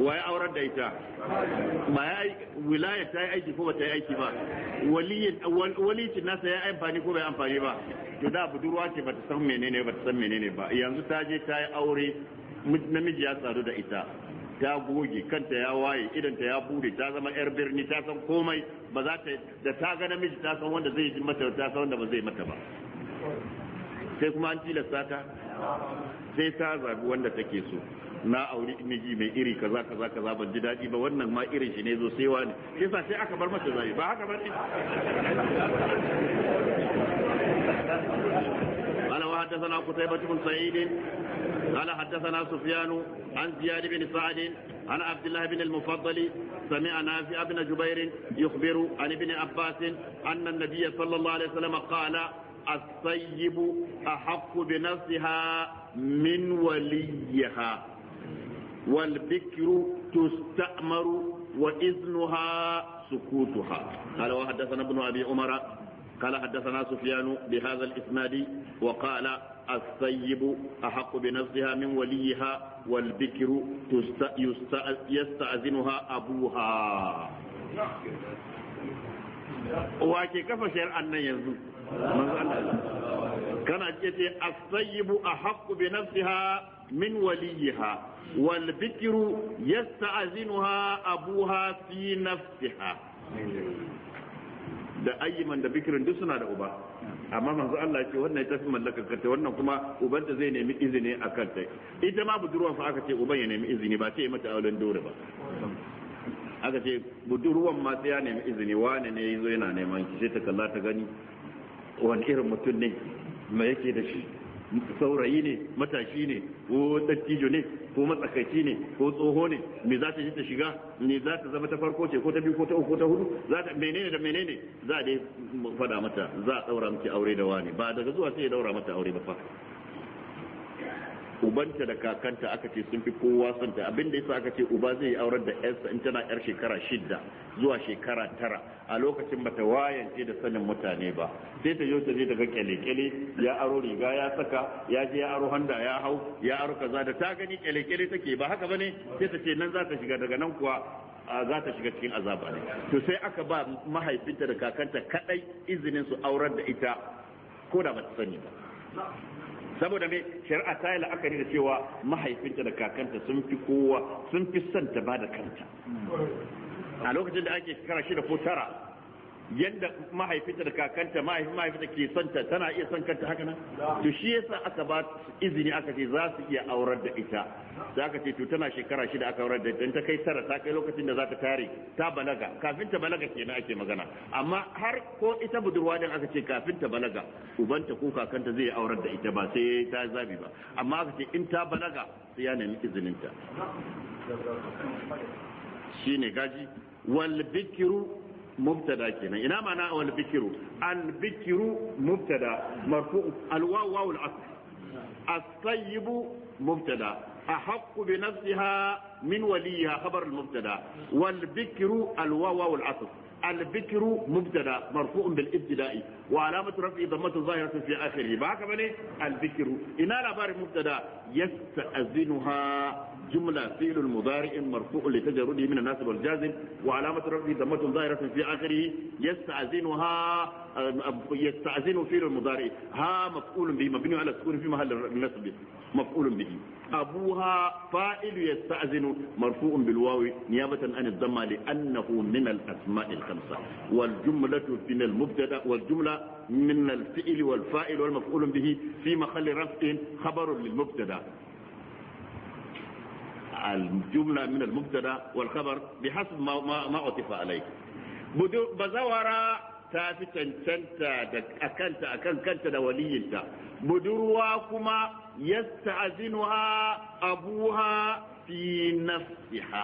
waye aurar da ita ba ya wilaya ta yi aiki ko ba ta yi aiki ba waliyin nasa ya amfani ko bai amfani ba to da budurwa ce bata san menene bata san menene ba yanzu ta je ta yi aure namiji ya tsaro da ita ta goge kanta ya waye idanta ya bude ta zama yar birni ta san komai ba za ta da ta ga namiji ta san wanda zai yi mata ta san wanda ba zai mata ba sai kuma an tilasta ta sai ta zabi wanda take so na auri miji mai iri kaza kaza kaza ban ji daɗi ba wannan ma irin shi ne zo sai wani shi sa sai aka bar mata zai ba haka ba ne قال وحدثنا قتيبة بن سعيد قال حدثنا سفيان عن زياد بن سعد عن عبد الله بن المفضل سمع نافع بن جبير يخبر عن ابن عباس أن النبي صلى الله عليه وسلم قال السيب أحق بنفسها من وليها والبكر تستأمر وإذنها سكوتها قال وحدثنا ابن أبي عمر قال حدثنا سفيان بهذا الإسناد وقال الثيب أحق بنفسها من وليها والبكر يستأذنها أبوها نعم. وكيف أن يزوج Allah kana ce asayibu a ahaqqu bi nafsiha min waliha wal bikru yasta'zinuha abuha fi nafsiha da ayyiman da bikirin duk suna da uba amma manzo Allah ce wannan ita fi mallakar kanta wannan kuma ubanta zai nemi izini a kanta ita ma budurwan fa aka ce uban ya nemi izini ba ce mata auren dore ba aka ce budurwan ma sai ya nemi izini wane ne yazo yana neman ki sai ta kalla ta gani wani irin mutum ne mai yake da shi saurayi ne matashi ne ko dattijo ne ko matsakaici ne ko tsoho ne me za ta yi ta shiga me za ta zama ta farko ce ko ta biyu ko ta uku ko ta hudu za ta menene da menene za dai fada mata za a ɗaura miki aure da wani ba daga zuwa sai ya daura mata aure ba fa ubanta da kakanta aka ce sun fi kowa santa. abinda abin da yasa aka ce uba zai aurar da yarsa in tana yar shekara shidda zuwa shekara tara a lokacin bata wayance da sanin mutane ba sai ta zo ta je daga kyale-kyale ya aro riga ya saka ya je ya aro handa ya hau ya aro kaza da ta gani kyale-kyale take ba haka bane sai ta ce nan za ta shiga daga nan kuwa za ta shiga cikin azaba ne to sai aka ba mahaifinta da kakanta kadai izinin su aurar da ita ko da ba ta sani ba saboda me shari'a ta yi la'akari da cewa mahaifinta da kakanta sun fi kowa sun fi son ta ba da kanta a lokacin da ake shekara shida ko tara yadda mahaifinta da kakanta ke santa tana iya son kanta haka nan to shi yasa aka ba izini aka ce za su iya aurar da ita za ka ce to tana shekara shida aka aurar da ita ta kai tara ta kai lokacin da za ta tare ta balaga kafin ta balaga kenan ake magana amma har ko ita budurwa din aka ce kafin ta balaga ubanta ko kakanta zai aurar da ita ba sai ta zabi ba amma aka ce in ta balaga sai ya nemi izininta shine gaji والبكر مبتدا كنا إنا معنى والبكر البكر مبتدا مرفوع الواو واو العطف الطيب مبتدا أحق بنفسها من وليها خبر المبتدا والبكر الواو واو العطف البكر مبتدا مرفوع بالابتداء وعلامة رفع ضمة ظاهرة في آخره بهكا بني البكر إن لابار مبتدا يستأذنها جملة فعل المضارع مرفوع لتجرده من الناس والجازم وعلامة رفع ضمة ظاهرة في آخره يستأذنها يستأذن فعل المضارع ها مفعول به مبني على السكون في محل النصب مفعول به أبوها فائل يستأذن مرفوع بالواو نيابة عن الضمة لأنه من الأسماء الخمسة والجملة من المبتدأ والجملة من الفئل والفائل والمفعول به في محل رفع خبر للمبتدأ الجملة من المبتدأ والخبر بحسب ما, ما, ما عطف عليه بزورة ta fi cancanta da akanta akan kanta da yasta'zinuha abuha fi nafsiha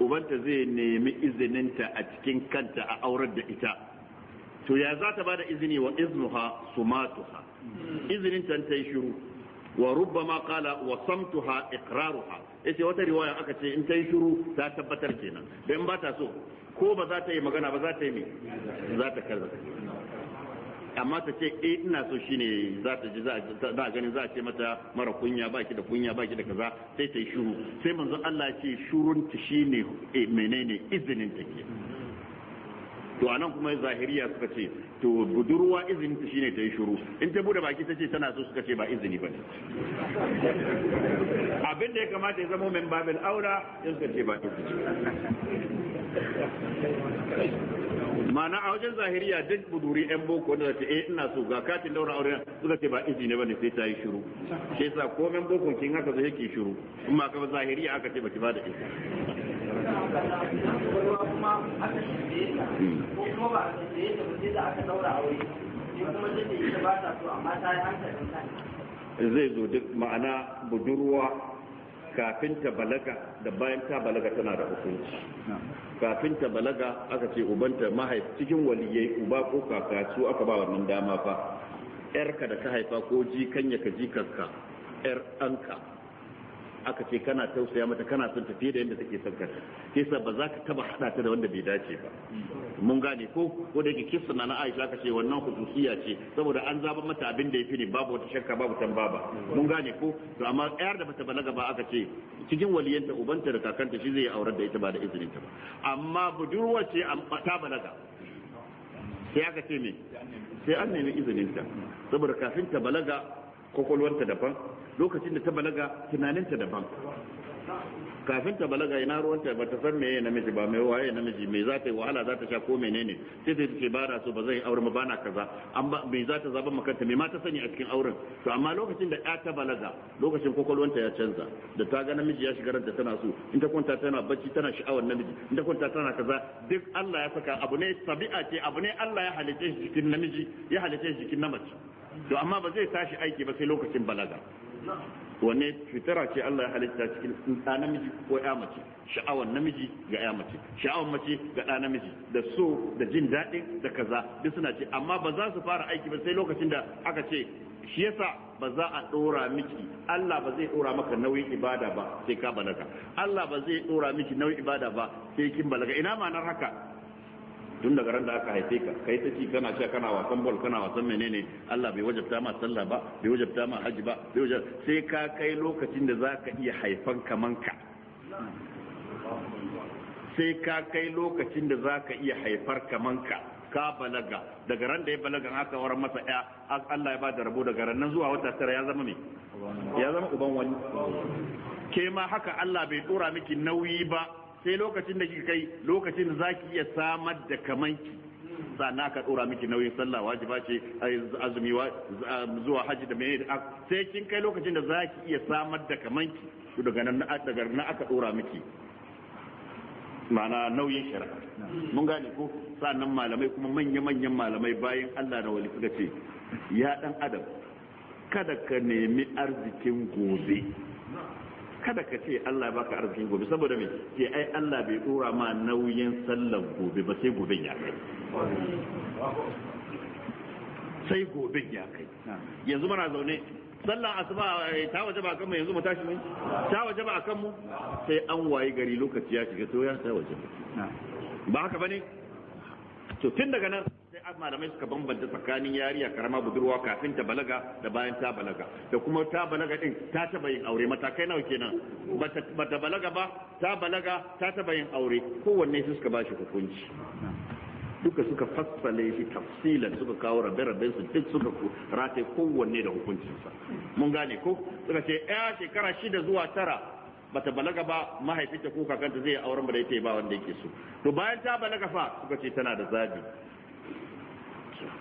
ubanta zai nemi izininta a cikin kanta a aurar da ita to ya za ta bada izini wa iznuha sumatuha izinin ta ta shiru wa rubbama qala wa samtuha iqraruha yace wata riwaya aka ce in ta yi shiru ta tabbatar kenan dan ba ta so ko ba za ta yi magana ba za ta yi me za ta kaza amma ta ce eh ina so shine za ta ji za a gani za a ce mata mara kunya baki da kunya baki da kaza sai ta yi shuru sai manzon Allah ce shurun ta shine eh, menene izinin ta ke to anan kuma zahiriya suka ce to budurwa izinin ta shine ta yi shuru in ta bude baki ta ce tana so suka ce ba izini bane abin da ya kamata ya zama min babil aura in suka ce ba izini ma'ana a wajen zahiriya duk buduri yan boko da ta eh ina so ga katin daura aure suka ce ba izini ne bane sai ta yi shiru sai sa komen boko kin haka zai yake shiru kuma ka zahiriya aka ce baki ba da ita hmm. zai zo duk ma'ana budurwa kafin ta balaga da bayan ta balaga tana da hukunci kafin ta balaga aka ce ubanta mahaifi cikin waliyai uba ko kaka su aka ba wannan dama fa yarka da ka haifa ko jikan ya ka jikanka yar anka aka ce kana tausaya mata kana son ta fiye da yadda take son kanta kisa ba za ka taba hada ta da wanda bai dace ba mun gane ko ko da yake kisa na Aisha aka ce wannan khususiya ce saboda an zaba mata abin da yafi ne babu wata shakka babu tambaba mun gane ko to amma yar da bata balaga ba aka ce cikin waliyanta ubanta da kakanta shi zai yi aurar da ita ba da izinin ta ba amma budurwa ce ta balaga sai aka ce ne sai an nemi izinin ta saboda kafin ta balaga kwakwalwarta daban lokacin da ta balaga tunaninta daban kafin ta balaga ina ruwanta ba ta san meye namiji ba mai waye namiji me za ta yi wahala za ta sha ko menene sai ta ce ba da so ba zai aure ba na kaza an ba me za ta zaba makanta me ma ta sani a cikin auren to amma lokacin da ya ta balaga lokacin kokolwanta ya canza da ta ga namiji ya shiga ranta tana so in ta kwanta tana bacci tana sha'awar namiji in ta kwanta tana kaza duk Allah ya saka abu ne tabi'a ce abu ne Allah ya halice shi cikin namiji ya halice shi cikin namace to amma ba zai tashi aiki ba sai lokacin balaga wane fitara ce Allah ya halitta cikin ɗa namiji ko ya mace sha'awar namiji ga ya mace sha'awar mace ga ɗa namiji da so da jin daɗin da kaza duk suna ce amma ba za su fara aiki ba sai lokacin da aka ce shi yasa ba za a ɗora miki Allah ba zai ɗora maka nauyin ibada ba sai ka balaga Allah ba zai ɗora miki nauyin ibada ba sai kin balaga ina ma'anar haka tun daga ran da aka haife ka kai ta ci kana sha kana wasan bol kana wasan menene Allah bai wajabta ma sallah ba bai wajabta ma haji ba bai wajabta sai ka kai lokacin da zaka iya haifan kaman ka sai ka kai lokacin da zaka iya haifar kaman ka ka balaga daga ran da ya balaga aka waran masa ya Allah ya ba da rabo daga ran nan zuwa wata tara ya zama me ya zama uban wani ke ma haka Allah bai dora miki nauyi ba sai lokacin da kika kai lokacin da zaki iya samar da kamanki sannan ka dora miki nauyin sallah wajiba ce azumi zuwa haji da mai sai kin kai lokacin da zaki iya samar da kamanki to daga nan daga nan aka dora miki ma'ana nauyin shari'a mun gane ko sannan malamai kuma manya-manyan malamai bayan Allah da wali suka ce ya dan adam kada ka nemi arzikin gobe kada ka ce Allah baka arzikin gobe saboda me ce ai Allah bai dora ma nauyin sallan gobe ba sai goben ya kai sai goben ya kai yanzu muna zaune sallan asuba eh, ta waje ba kanmu yanzu mu tashi mu ta waje ba kanmu sai an waye gari lokaci ya shiga to ya ta waje ba haka bane to tun daga nan malamai suka bambanta tsakanin yariya karama budurwa kafin ta balaga da bayan ta balaga da kuma ta balaga din ta taba yin aure matakai nawa kenan Ba ta balaga ba ta balaga ta taba yin aure kowanne su suka bashi hukunci duka suka fassale shi tafsilan suka kawo rabe-raben su duk suka rataye kowanne da sa mun gane ko suka ce ya shekara shida zuwa tara bata balaga ba mahaifinta ko kakanta zai auren ba da yake ba wanda yake so to bayan ta balaga fa suka ce tana da zabi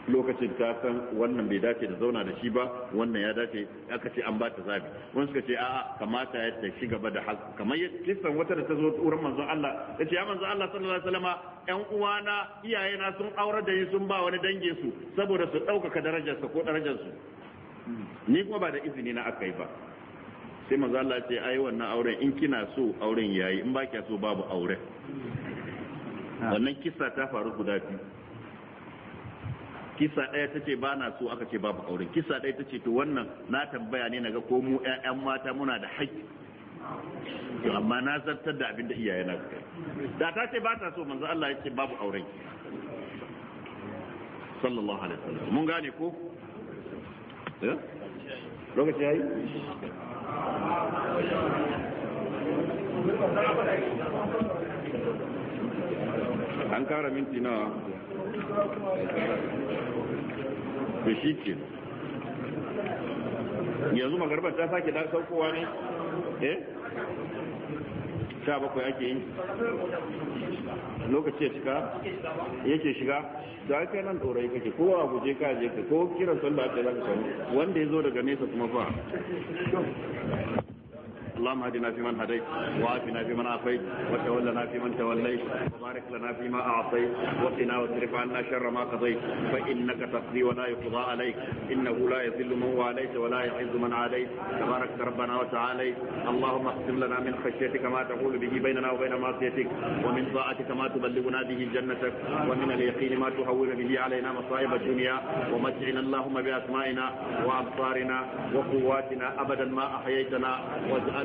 lokacin ta san wannan bai dace da zauna da shi ba wannan ya dace aka ce an ba ta zabi wani suka ce a'a kamata ya ta shi gaba da hak kamar kisan wata da ta zo wurin manzon Allah ya ce ya manzon Allah sallallahu alaihi wasallama ƴan uwana iyayena sun aurar da yi sun ba wani dangin su saboda su ɗaukaka darajarsa ko darajar su ni kuma ba da izini na aka yi ba sai manzo Allah ce ai wannan auren in kina so auren yayi in ba kya so babu aure wannan kisa ta faru guda biyu kisa ɗaya ta ce ba na so aka ce babu aure kisa ɗaya ta ce to wannan na tambaya ne naga ko mu ƴaƴan mata muna da haƙƙi to amma na zartar da abin da iyaye na suka da ta ce ba ta so manzo Allah ya ce babu aure sallallahu alaihi wasallam mun gane ko eh? lokaci yayi Thank an kara minti nawa da shi ke yanzu magarbar ta sake da saukowa ne eh sha bakwai ake yi lokaci ya shiga yake shiga da aka nan tsorai kake ko a guje ka je ka ko kiran sallah ake za ka samu wanda ya zo daga nesa kuma fa اللهم اهدنا فيمن هديت وعافنا فيمن عافيت وتولنا فيمن توليت وبارك لنا فيما اعطيت وقنا واصرف عنا شر ما قضيت فانك تقضي ولا يقضى عليك انه لا يذل من هو عليك ولا يعز من عليك تبارك ربنا وتعالي اللهم اقسم لنا من خشيتك ما تقول به بيننا وبين معصيتك ومن طاعتك ما تبلغنا به جنتك ومن اليقين ما تهون به علينا مصائب الدنيا ومتعنا اللهم باسمائنا وابصارنا وقواتنا ابدا ما احييتنا واجعل